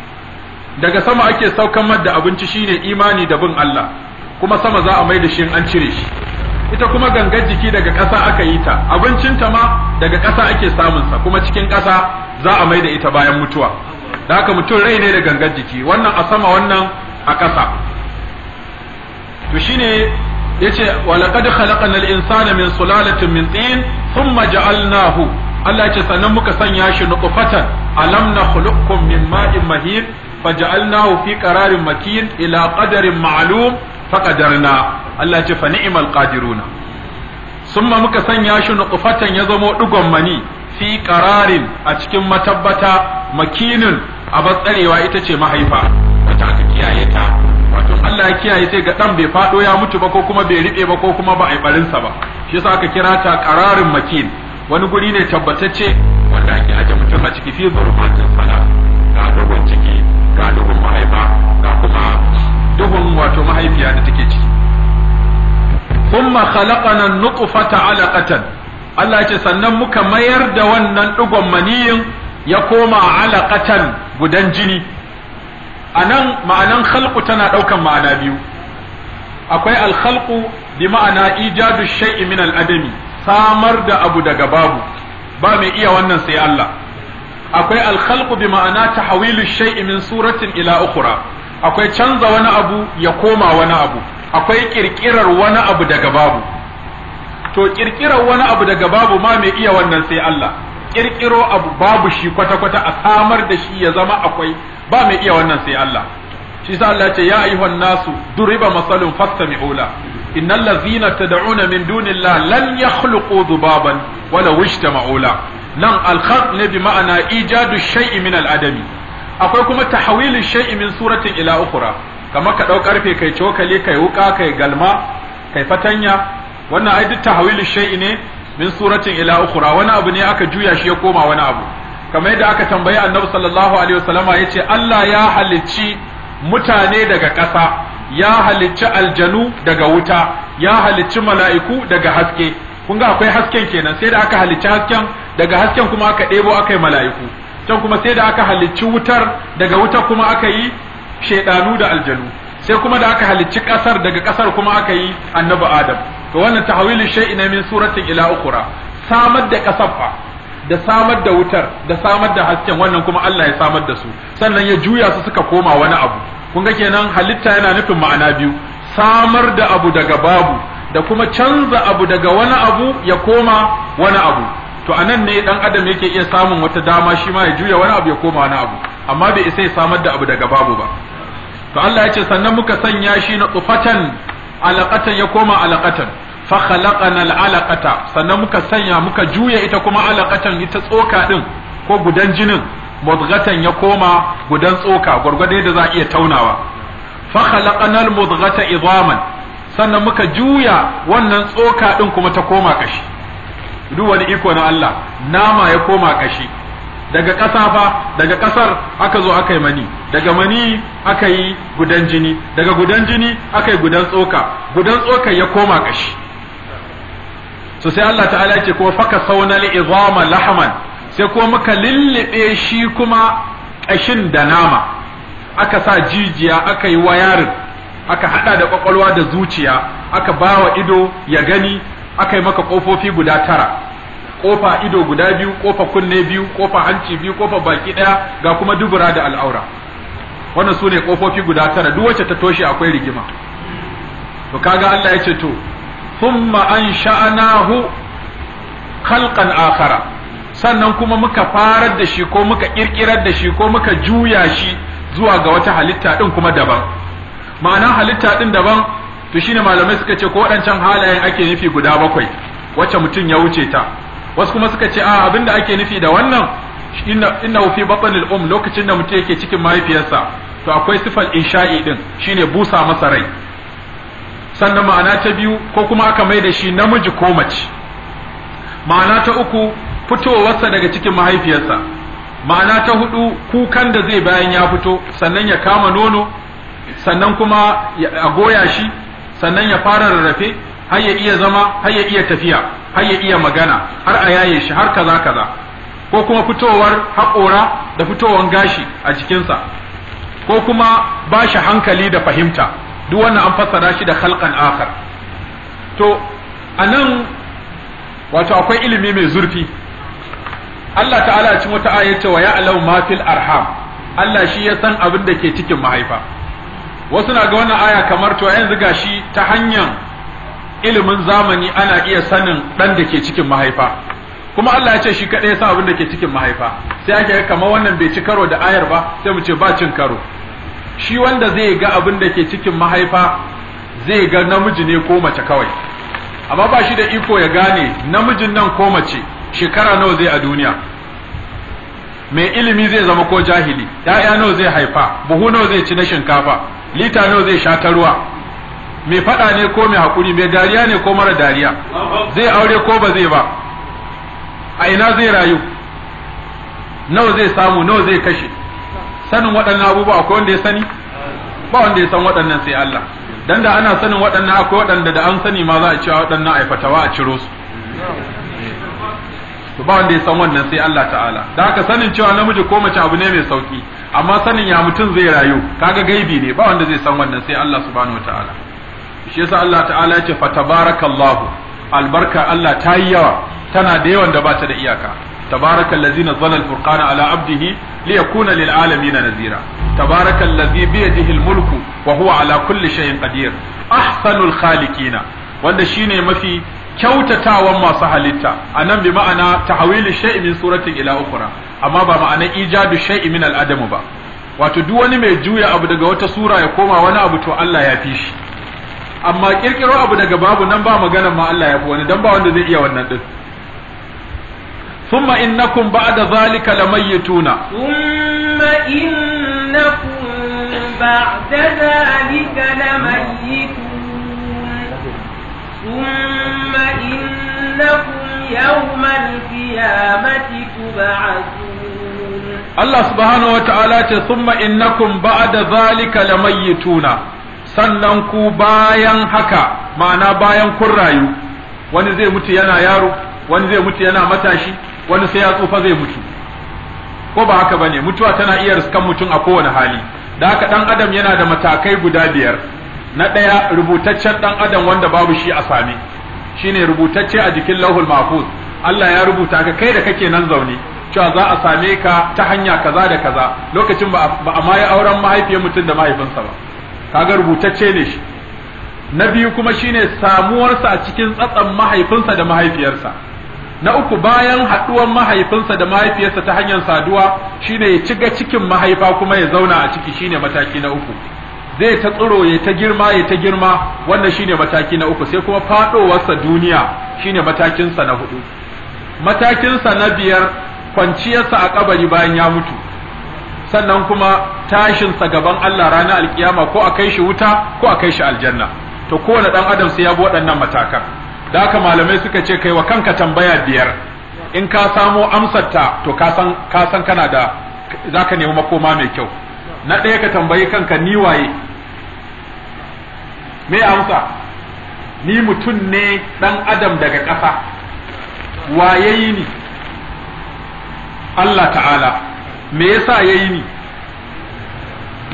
daga sama ake saukan da abinci shine imani da bin Allah kuma sama za a mai da shi an cire shi ita kuma gangar jiki daga ƙasa aka yi ta abincinta ma daga ƙasa ake samun sa, kuma cikin ƙasa za a mai da ita bayan mutuwa da haka mutum rai ne da gangar jiki wannan a sama wannan a ƙasa to shine yace laqad khalaqna al-insana min sulalatin min tin thumma ja'alnahu Allah ce sannan muka sanya shi nutfatan alam nakhluqukum min ma'in mahin faj'alnahu fi qararin makin ila qadarin ma'lum na. Allah ce fa ni'mal qadiruna summa muka sanya shi nuqfatan ya zamo ɗigon mani fi qararin a cikin matabbata makinin a batsarewa ita ce mahaifa wata aka kiyaye ta wato Allah ya kiyaye sai ga dan bai fado ya mutu ba ko kuma bai riɓe ba ko kuma ba a barin sa ba shi yasa aka kira ta qararin makin wani guri ne tabbatacce wanda ake aje mutum a ciki fi zurfatin sana ga dogon ciki ga duhun mahaifa ga kuma duhun wato mahaifiya da take ciki kuma khalaqana nutfata alaqatan Allah ya ce sannan muka mayar da wannan dugon maniyin ya koma alaqatan gudan jini anan ma'anan khalqu tana daukan ma'ana biyu akwai al al-khalqu bi ma'ana ijadu shay'in min al-adami samar da abu daga babu ba mai iya wannan sai Allah akwai alkhalqu bi ma'ana tahwilu shay'i min suratin ila ukhra akwai canza wani abu ya koma wani abu akwai kirkirar wani abu daga babu to kirkirar wani abu daga babu ma mai iya wannan sai Allah kirkiro abu babu shi kwata kwata a samar da shi ya zama akwai ba mai iya wannan sai Allah shi sa Allah ce ya ayyuhan nasu duriba masalun fastami'u la innal ladzina tad'una min dunillahi lan yakhluqu dhubaban wala wajtama'u la nan alkhalq ne bi ma'ana ijadu shay'in min al'adami akwai kuma tahwilu shay'in min suratin ila ukhra kamar ka dau karfe kai cokali kai wuka kai galma kai fatanya wannan ai duk tahwilu shay'in ne min suratin ila ukhra wani abu ne aka juya shi ya koma wani abu kamar yadda aka tambayi annabi sallallahu alaihi wasallama yace Allah ya halicci mutane daga ƙasa ya halicci aljanu daga wuta ya halicci mala'iku daga haske kun ga akwai hasken kenan sai da aka halicci hasken daga hasken kuma aka ɗebo aka yi mala'iku can kuma sai da aka halicci wutar daga wutar kuma aka yi shaidanu da aljanu sai kuma da aka halicci ƙasar daga ƙasar kuma aka yi annabi adam to wannan tahwilin shay'in min suratin ila ukhra samar da ƙasar da samar da wutar da samar da hasken wannan kuma Allah ya samar da su sannan ya juya su suka koma wani abu kun ga kenan halitta yana nufin ma'ana biyu samar da abu daga babu da kuma canza abu daga wani abu ya koma wani abu to anan ne dan adam yake iya samun wata dama shi ma ya juya wani abu ya koma wani abu amma bai isa ya samar da abu daga babu ba to Allah ya ce sannan muka sanya shi na tsufatan alaqatan ya koma alaqatan fa khalaqana alaqata sannan muka sanya muka juya ita kuma alaqatan ita tsoka din ko gudan jinin mudghatan ya koma gudan tsoka gurgurde da za a iya taunawa fa khalaqana almudghata idaman sannan muka juya wannan tsoka din kuma ta koma ƙashi. duk wani iko na Allah nama ya koma ƙashi. daga ƙasa fa daga ƙasar aka zo aka yi mani daga mani aka yi gudan jini daga gudan jini aka yi gudan tsoka gudan tsoka ya koma ƙashi. so sai Allah ta'ala ce kuma faka sauna izama lahaman sai kuma muka lillibe shi kuma ƙashin da nama aka sa jijiya aka yi wayarin aka hada da kwakwalwa da zuciya aka bawa ido ya gani aka yi maka kofofi guda tara kofa ido guda biyu kofa kunne biyu kofa hanci biyu kofa baki daya ga kuma dubura da al'aura wannan sune kofofi guda tara duk wacce ta toshe akwai rigima to kaga Allah ya ce to thumma ansha'nahu khalqan akhara sannan kuma muka farar da shi ko muka kirkirar da shi ko muka juya shi zuwa ga wata halitta din kuma daban ma'ana halitta din daban to shine malamai suka ce ko waɗancan halayen ake nufi guda bakwai wacce mutum ya wuce ta wasu kuma suka ce a abinda ake nufi da wannan inna fi al um lokacin da mutum yake cikin mahaifiyarsa to akwai sifal insha'i din shine busa masa rai sannan ma'ana ta biyu ko kuma aka mai da shi namiji ko mace ma'ana ta uku fitowarsa daga cikin mahaifiyarsa ma'ana ta hudu kukan da zai bayan ya fito sannan ya kama nono sannan kuma a goya shi sannan ya fara rarrafe har ya iya zama har ya iya tafiya har ya iya magana har a yaye shi har kaza kaza ko kuma fitowar haƙora da fitowar gashi a jikinsa ko kuma ba shi hankali da fahimta duk wannan an fassara shi da khalqan akhar to anan wato akwai ilimi mai zurfi Allah ta'ala cikin wata aya ce wa ya'lamu ma fil arham Allah shi ya san abin da ke cikin mahaifa wasu na ga wannan aya kamar to yanzu gashi ta hanyar ilimin zamani ana iya sanin dan da ke cikin mahaifa kuma Allah ya ce shi kadai ya san abin da ke cikin mahaifa sai ake kamar wannan bai ci karo da ayar ba sai mu ce ba cin karo shi wanda zai ga abin da ke cikin mahaifa zai ga namiji ne ko mace kawai amma ba shi da iko ya gane namijin nan ko mace shekara nawa zai a duniya mai ilimi zai zama ko jahili ya'ya nawa zai haifa buhu nawa zai ci na shinkafa lita nawa zai sha ta ruwa mai faɗa ne ko mai hakuri? mai dariya ne ko mara dariya zai aure ko ba zai ba a ina zai rayu nawa zai samu nawa zai kashe sanin waɗannan abubuwa akwai wanda ya sani ba wanda ya san waɗannan sai Allah dan da ana sanin waɗannan akwai waɗanda da an sani ma za a cewa waɗannan ai fatawa a ciro su ba wanda ya san wannan sai Allah ta'ala da haka sanin cewa namiji ko mace abu ne mai sauki amma sanin ya mutum zai rayu kaga gaibi ne ba wanda zai san wannan sai Allah subhanahu wataala shi yasa Allah ta'ala yace fa tabarakallahu albarka Allah ta yi yawa tana da yawan da ba ta da iyaka tabarakallazi nazzala alfurqana ala abdihi yakuna lil alamin nazira tabarakallazi bi yadihi almulku wa huwa ala kulli shay'in qadir ahsanul khaliqina wanda shine mafi kyautatawan masu halitta anan bi ma'ana tahwilu shay'in min suratin ila ukhra amma ba ma'anar ijadu shay'i min al'adamu ba wato duk wani mai juya abu daga wata sura ya koma wani abu to Allah ya fi shi amma kirkiro abu daga babu nan ba magana ma Allah ya fi wani dan ba wanda zai iya wannan din thumma innakum ba'da zalika lamayituna thumma innakum ba'da zalika lamayitun thumma innakum يوم القيامة تبعثون الله سبحانه وتعالى ثم إنكم بعد ذلك لميتون sannan ku bayan haka ma'ana bayan kun rayu wani zai mutu yana yaro wani zai mutu yana matashi wani sai ya tsufa zai mutu ko ba haka bane mutuwa tana iya riskan mutum a kowane hali da haka dan adam yana da matakai guda biyar na ɗaya rubutaccen dan adam wanda babu shi a same shine rubutacce a jikin lauhul mahfuz Allah ya rubuta ka kai da kake nan zaune cewa za a same ka ta hanya kaza da kaza lokacin ba a ma auren mahaifiyar mutum da mahaifinsa ba kaga rubutacce ne shi na biyu kuma shine samuwarsa a cikin tsatsan mahaifinsa da mahaifiyarsa na uku bayan haɗuwar mahaifinsa da mahaifiyarsa ta hanyar saduwa shine ya ciga cikin mahaifa kuma ya zauna a ciki shine mataki na uku zai ta tsiro ya ta girma ya ta girma wannan shine mataki na uku sai kuma faɗowarsa duniya shine matakinsa na hudu matakinsa na biyar kwanciyarsa a kabari bayan ya mutu sannan kuma tashinsa gaban Allah rana alkiyama ko a kai shi wuta ko a kai shi aljanna to kowane ɗan adam sai ya bi waɗannan matakan da haka malamai suka ce kai wa kanka tambaya biyar in ka samo amsarta to ka san ka san kana da zaka nemi makoma mai kyau na ɗaya ka tambayi kanka ni waye me amsa ni mutum ne ɗan adam daga ƙasa waye yi ni Allah ta'ala me yasa yayi ni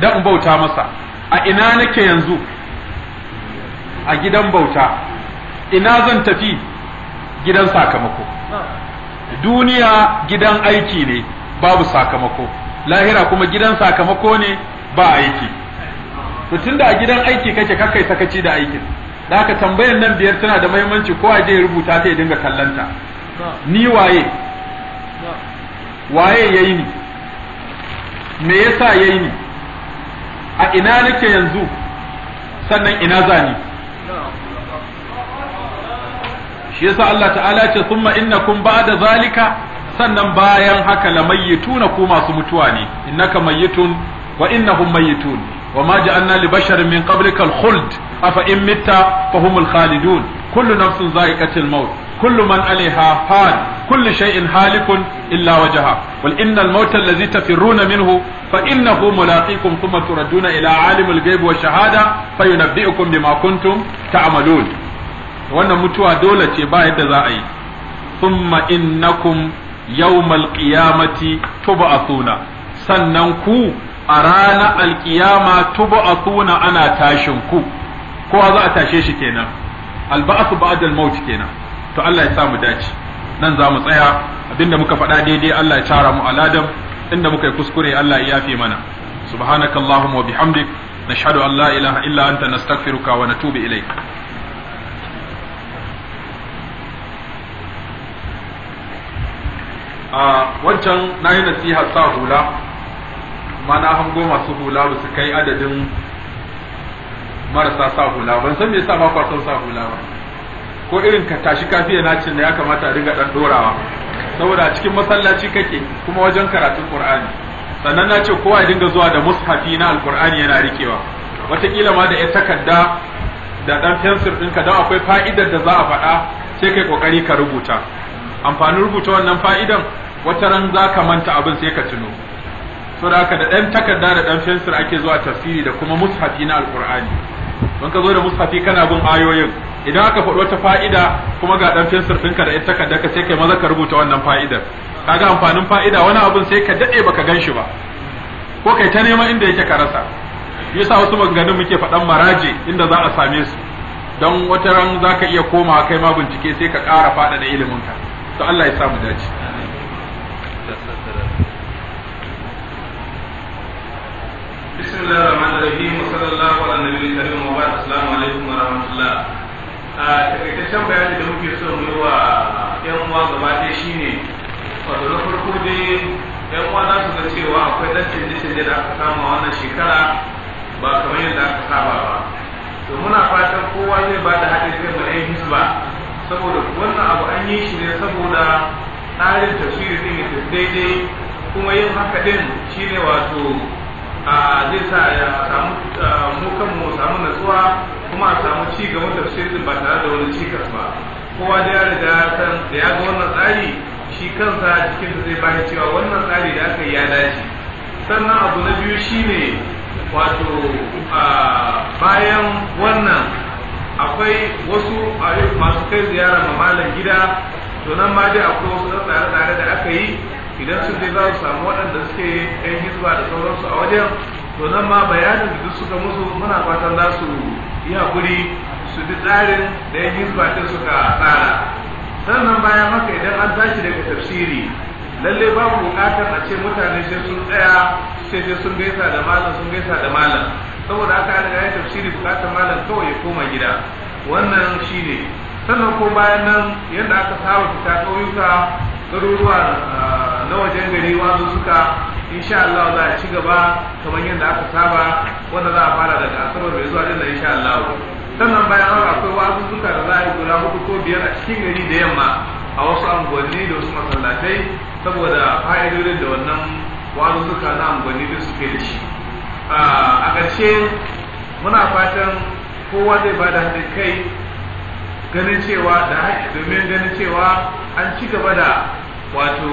dan bauta masa a ina nake yanzu a gidan bauta ina zan tafi gidan sakamako duniya gidan aiki ne babu sakamako lahira kuma gidan sakamako ne ba aiki to tunda a gidan aiki kake kakai sakaci da aikin da haka tambayar nan biyar tana da muhimmanci ko aje ya rubuta ta ya dinga kallanta ni waye waye yayi ni me yasa yayi ni a ina nake yanzu sannan ina zani shi yasa Allah ta'ala ce summa innakum ba'da zalika sannan bayan haka lamayyituna ku masu mutuwa ne innaka mayyitun wa innahum mayyitun wa ma ja'alna li basharin min qablika al-khuld afa in mitta fa humul khalidun kullu nafsin za'iqatil maut kullu man 'alayha fan kullu shay'in halikun illa wajha wal innal mauta allazi tafirruna minhu fa innahu mulaqikum thumma turaduna ila 'alimil ghaibi wa shahada fayunabbi'ukum bima kuntum ta'malun wannan mutuwa dole ce ba yadda za a yi thumma innakum tuba a suna sannan ku a rana alkiyama suna ana tashin ku kowa za a tashe shi kenan alba'athu ba'da maut kenan to Allah ya samu dace nan za mu tsaya abinda muka faɗa daidai Allah ya tara mu aladam inda muka yi kuskure Allah ya yafe mana subhanakallahumma wa bihamdik nashhadu an la ilaha illa anta nastaghfiruka wa natubu ilai. a wancan na yi nasiha sa hula mana hango masu hula ba su kai adadin marasa sa hula ban san me yasa ba kwa sa hula ba ko irin ka tashi kafiya na cin da ya kamata a riga dan dorawa saboda cikin masallaci kake kuma wajen karatun qur'ani sannan na ce kowa ya dinga zuwa da mushafi na alqur'ani yana rikewa wataƙila ma da ya takarda da dan fensir ɗinka don akwai fa'idar da za a faɗa sai kai kokari ka rubuta amfanin rubuta wannan fa'idan wata ran za ka manta abin sai ka tuno saboda haka da ɗan takarda da ɗan fensir ake zuwa tafsiri da kuma mushafi na alkur'ani don ka zo da mushafi kana bin ayoyin idan aka faɗi wata fa'ida kuma ga ɗan fensir ɗinka da ɗan takarda ka sai kai maza ka rubuta wannan fa'idar kaga amfanin fa'ida wani abin sai ka daɗe baka gan shi ba ko kai ta neman inda yake ka rasa yasa wasu maganganun muke faɗan maraje inda za a same su don wata ran za ka iya komawa kai ma bincike sai ka ƙara faɗaɗa iliminka to Allah ya samu dace بسم الله الرحمن الرحيم وصلى الله على النبي الكريم وبارك السلام عليكم ورحمه الله takaitaccen bayani da muke so mu yi wa yan uwa gaba ɗaya shine wato na farko dai yan uwa za su ga cewa akwai ɗan canje-canje da aka kama wannan shekara ba kamar yadda aka saba ba to muna fatan kowa zai bada da haɗin kai ma yan hisba saboda wannan abu an yi shi ne saboda tsarin tafsiri ɗin ya daidai kuma yin haka ɗin shine wato a zai sa ya samu mu samu natsuwa kuma a samu ci gaban tafsirin ba tare da wani cikas ba kowa da ya riga san da ya ga wannan tsari shi kansa cikin da zai bani cewa wannan tsari da aka yi ya dace sannan abu na biyu shine wato bayan wannan akwai wasu masu kai ziyara ma malam gida to nan ma dai akwai wasu tsare-tsare da aka yi idan sun dai za su samu waɗanda suke yan hizba da sauransu a wajen to nan ma bayanin da suka musu muna fatan za su yi hakuri su bi tsarin da yan hizba ɗin suka tsara sannan bayan haka idan an tashi daga tafsiri lalle babu bukatar a ce mutane sai sun tsaya sai sai sun gaisa da malam sun gaisa da malam saboda aka an ga tafsiri bukatar malam kawai ya koma gida wannan shine sannan ko bayan nan yadda aka saba ta ƙauyuka garuruwa ah, na wajen gari wasu suka insha Allah za a ci gaba kamar yadda aka saba wanda za a fara daga asabar mai zuwa inda insha Allah sannan bayan haka akwai wasu suka da za a yi guda hudu ko biyar a cikin gari da yamma a wasu unguwanni da wasu masallatai saboda fa'idodin da wannan wasu suka na unguwanni da suke da shi a ƙarshe muna fatan kowa zai ba da haɗin kai ganin cewa da domin ganin cewa an ci gaba da wato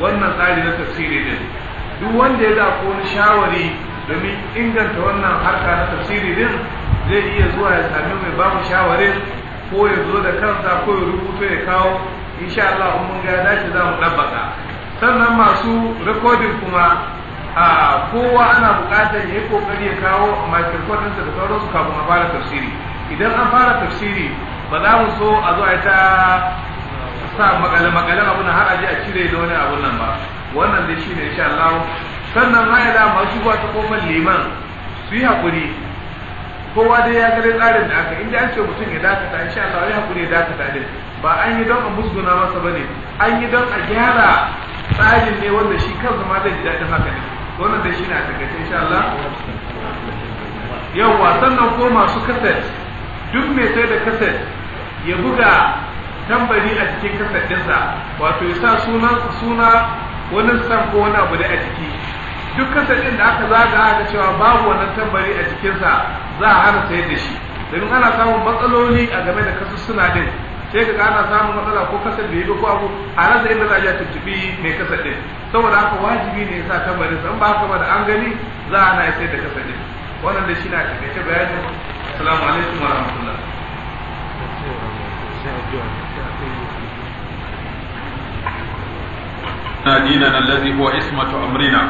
wannan tsari na tafsiri din duk wanda ya zaɓi wani shawari domin inganta wannan harka na tafsiri din zai iya zuwa ya sami mai bamu shawarin ko ya zo da kansa ko ya rubuto ya kawo insha Allah in mun ga ya dace za mu ɗabbaka sannan masu rikodin kuma a kowa ana buƙatar ya yi ƙoƙari ya kawo microphone ɗinsa da sauransu kafin a fara tafsiri idan an fara tafsiri ba za mu so a zo a ta sa makale abu na har aje a cire da wani abun nan ba wannan dai shine insha Allah sannan ma ila masu ba ta kofar liman su yi hakuri kowa dai ya gare tsarin da aka inda an ce mutum ya dakata insha Allah ya hakuri ya dakata din ba an yi don a musguna masa bane an yi don a gyara tsarin ne wanda shi kansa ma zai ji daɗin haka ne wannan dai shine a takaice insha Allah yawwa sannan ko masu kaset duk mai sai da kaset ya buga tambari a cikin kasadinsa wato ya sa suna wani san ko wani abu da a jiki. duk kasadin da aka zaga aka cewa babu wannan tambari a jikinsa za a hana sayar da shi domin ana samun matsaloli a game da suna din sai ka ana samun matsala ko kasar da ya ko abu a nan da inda za a tuntubi mai kasar din saboda haka wajibi ne ya sa tambarin sa in ba haka ba da an gani za a na sayar da kasar din wannan da shi na takaice bayanin assalamu alaikum wa rahmatullah ديننا الذي هو اسمة أمرنا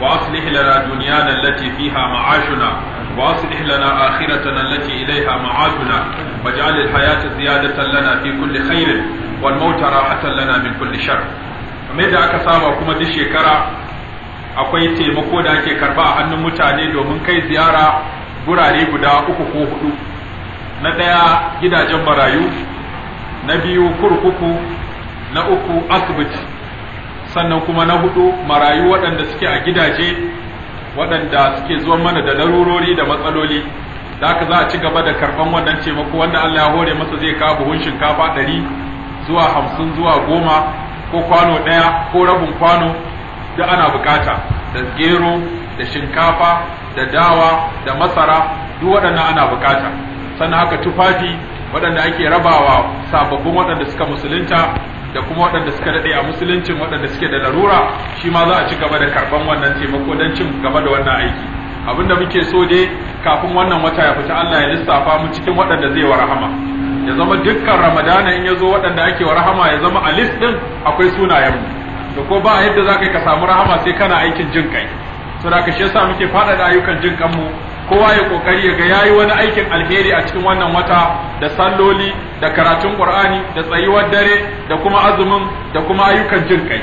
وأصلح لنا دنيانا التي فيها معاشنا وأصلح لنا آخرتنا التي إليها معادنا واجعل الحياة زيادة لنا في كل خير والموت راحة لنا من كل شر kamar da aka saba kuma duk shekara akwai taimako da ake karba a hannun mutane domin kai ziyara gurare guda uku ko hudu na daya gidajen marayu na biyu kurkuku na uku asibiti sannan kuma na hudu marayu waɗanda suke a gidaje waɗanda suke zuwa mana da larurori da matsaloli da aka za a ci gaba da karɓan wannan taimako wanda Allah ya hore masa zai kawo buhun shinkafa ɗari zuwa hamsin zuwa goma ko kwano ɗaya ko rabin kwano da ana bukata da gero da shinkafa da dawa da masara duk waɗannan ana bukata sannan haka tufafi waɗanda ake rabawa sababbin waɗanda suka musulunta da kuma waɗanda suka daɗe a musuluncin waɗanda suke da larura shi ma za a ci gaba da karɓan wannan taimako don cin gaba da wannan aiki abin da muke so dai kafin wannan wata ya fita Allah ya lissafa mu cikin waɗanda zai wa rahama ya zama dukkan ramadana in ya zo waɗanda ake wa rahama ya zama a list ɗin akwai sunayen mu da ko ba yadda za ka samu rahama sai kana aikin jin kai saboda ka shi yasa muke faɗaɗa ayyukan jin kanmu kowa ya kokari ya ga yayi wani aikin alheri a cikin wannan wata da salloli da karatun qur'ani da tsayuwar dare da kuma azumin da kuma ayyukan jin kai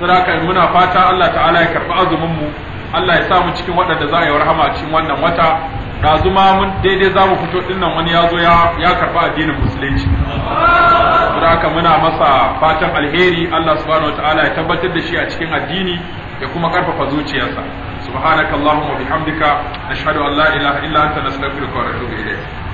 saboda muna fata Allah ta'ala ya karbi azumin mu Allah ya sa mu cikin waɗanda za a yi rahama a cikin wannan wata ma mun daidai za mu fito dinnan wani ya zo ya karba addinin musulunci saboda haka muna masa fatan alheri Allah subhanahu Ta'ala ya tabbatar da shi a cikin addini ya kuma karfafa zuciyarsa subhanakallahumma bihamdika nashhadu an la ilaha illa anta nastaghfiruka wa natubu ilayk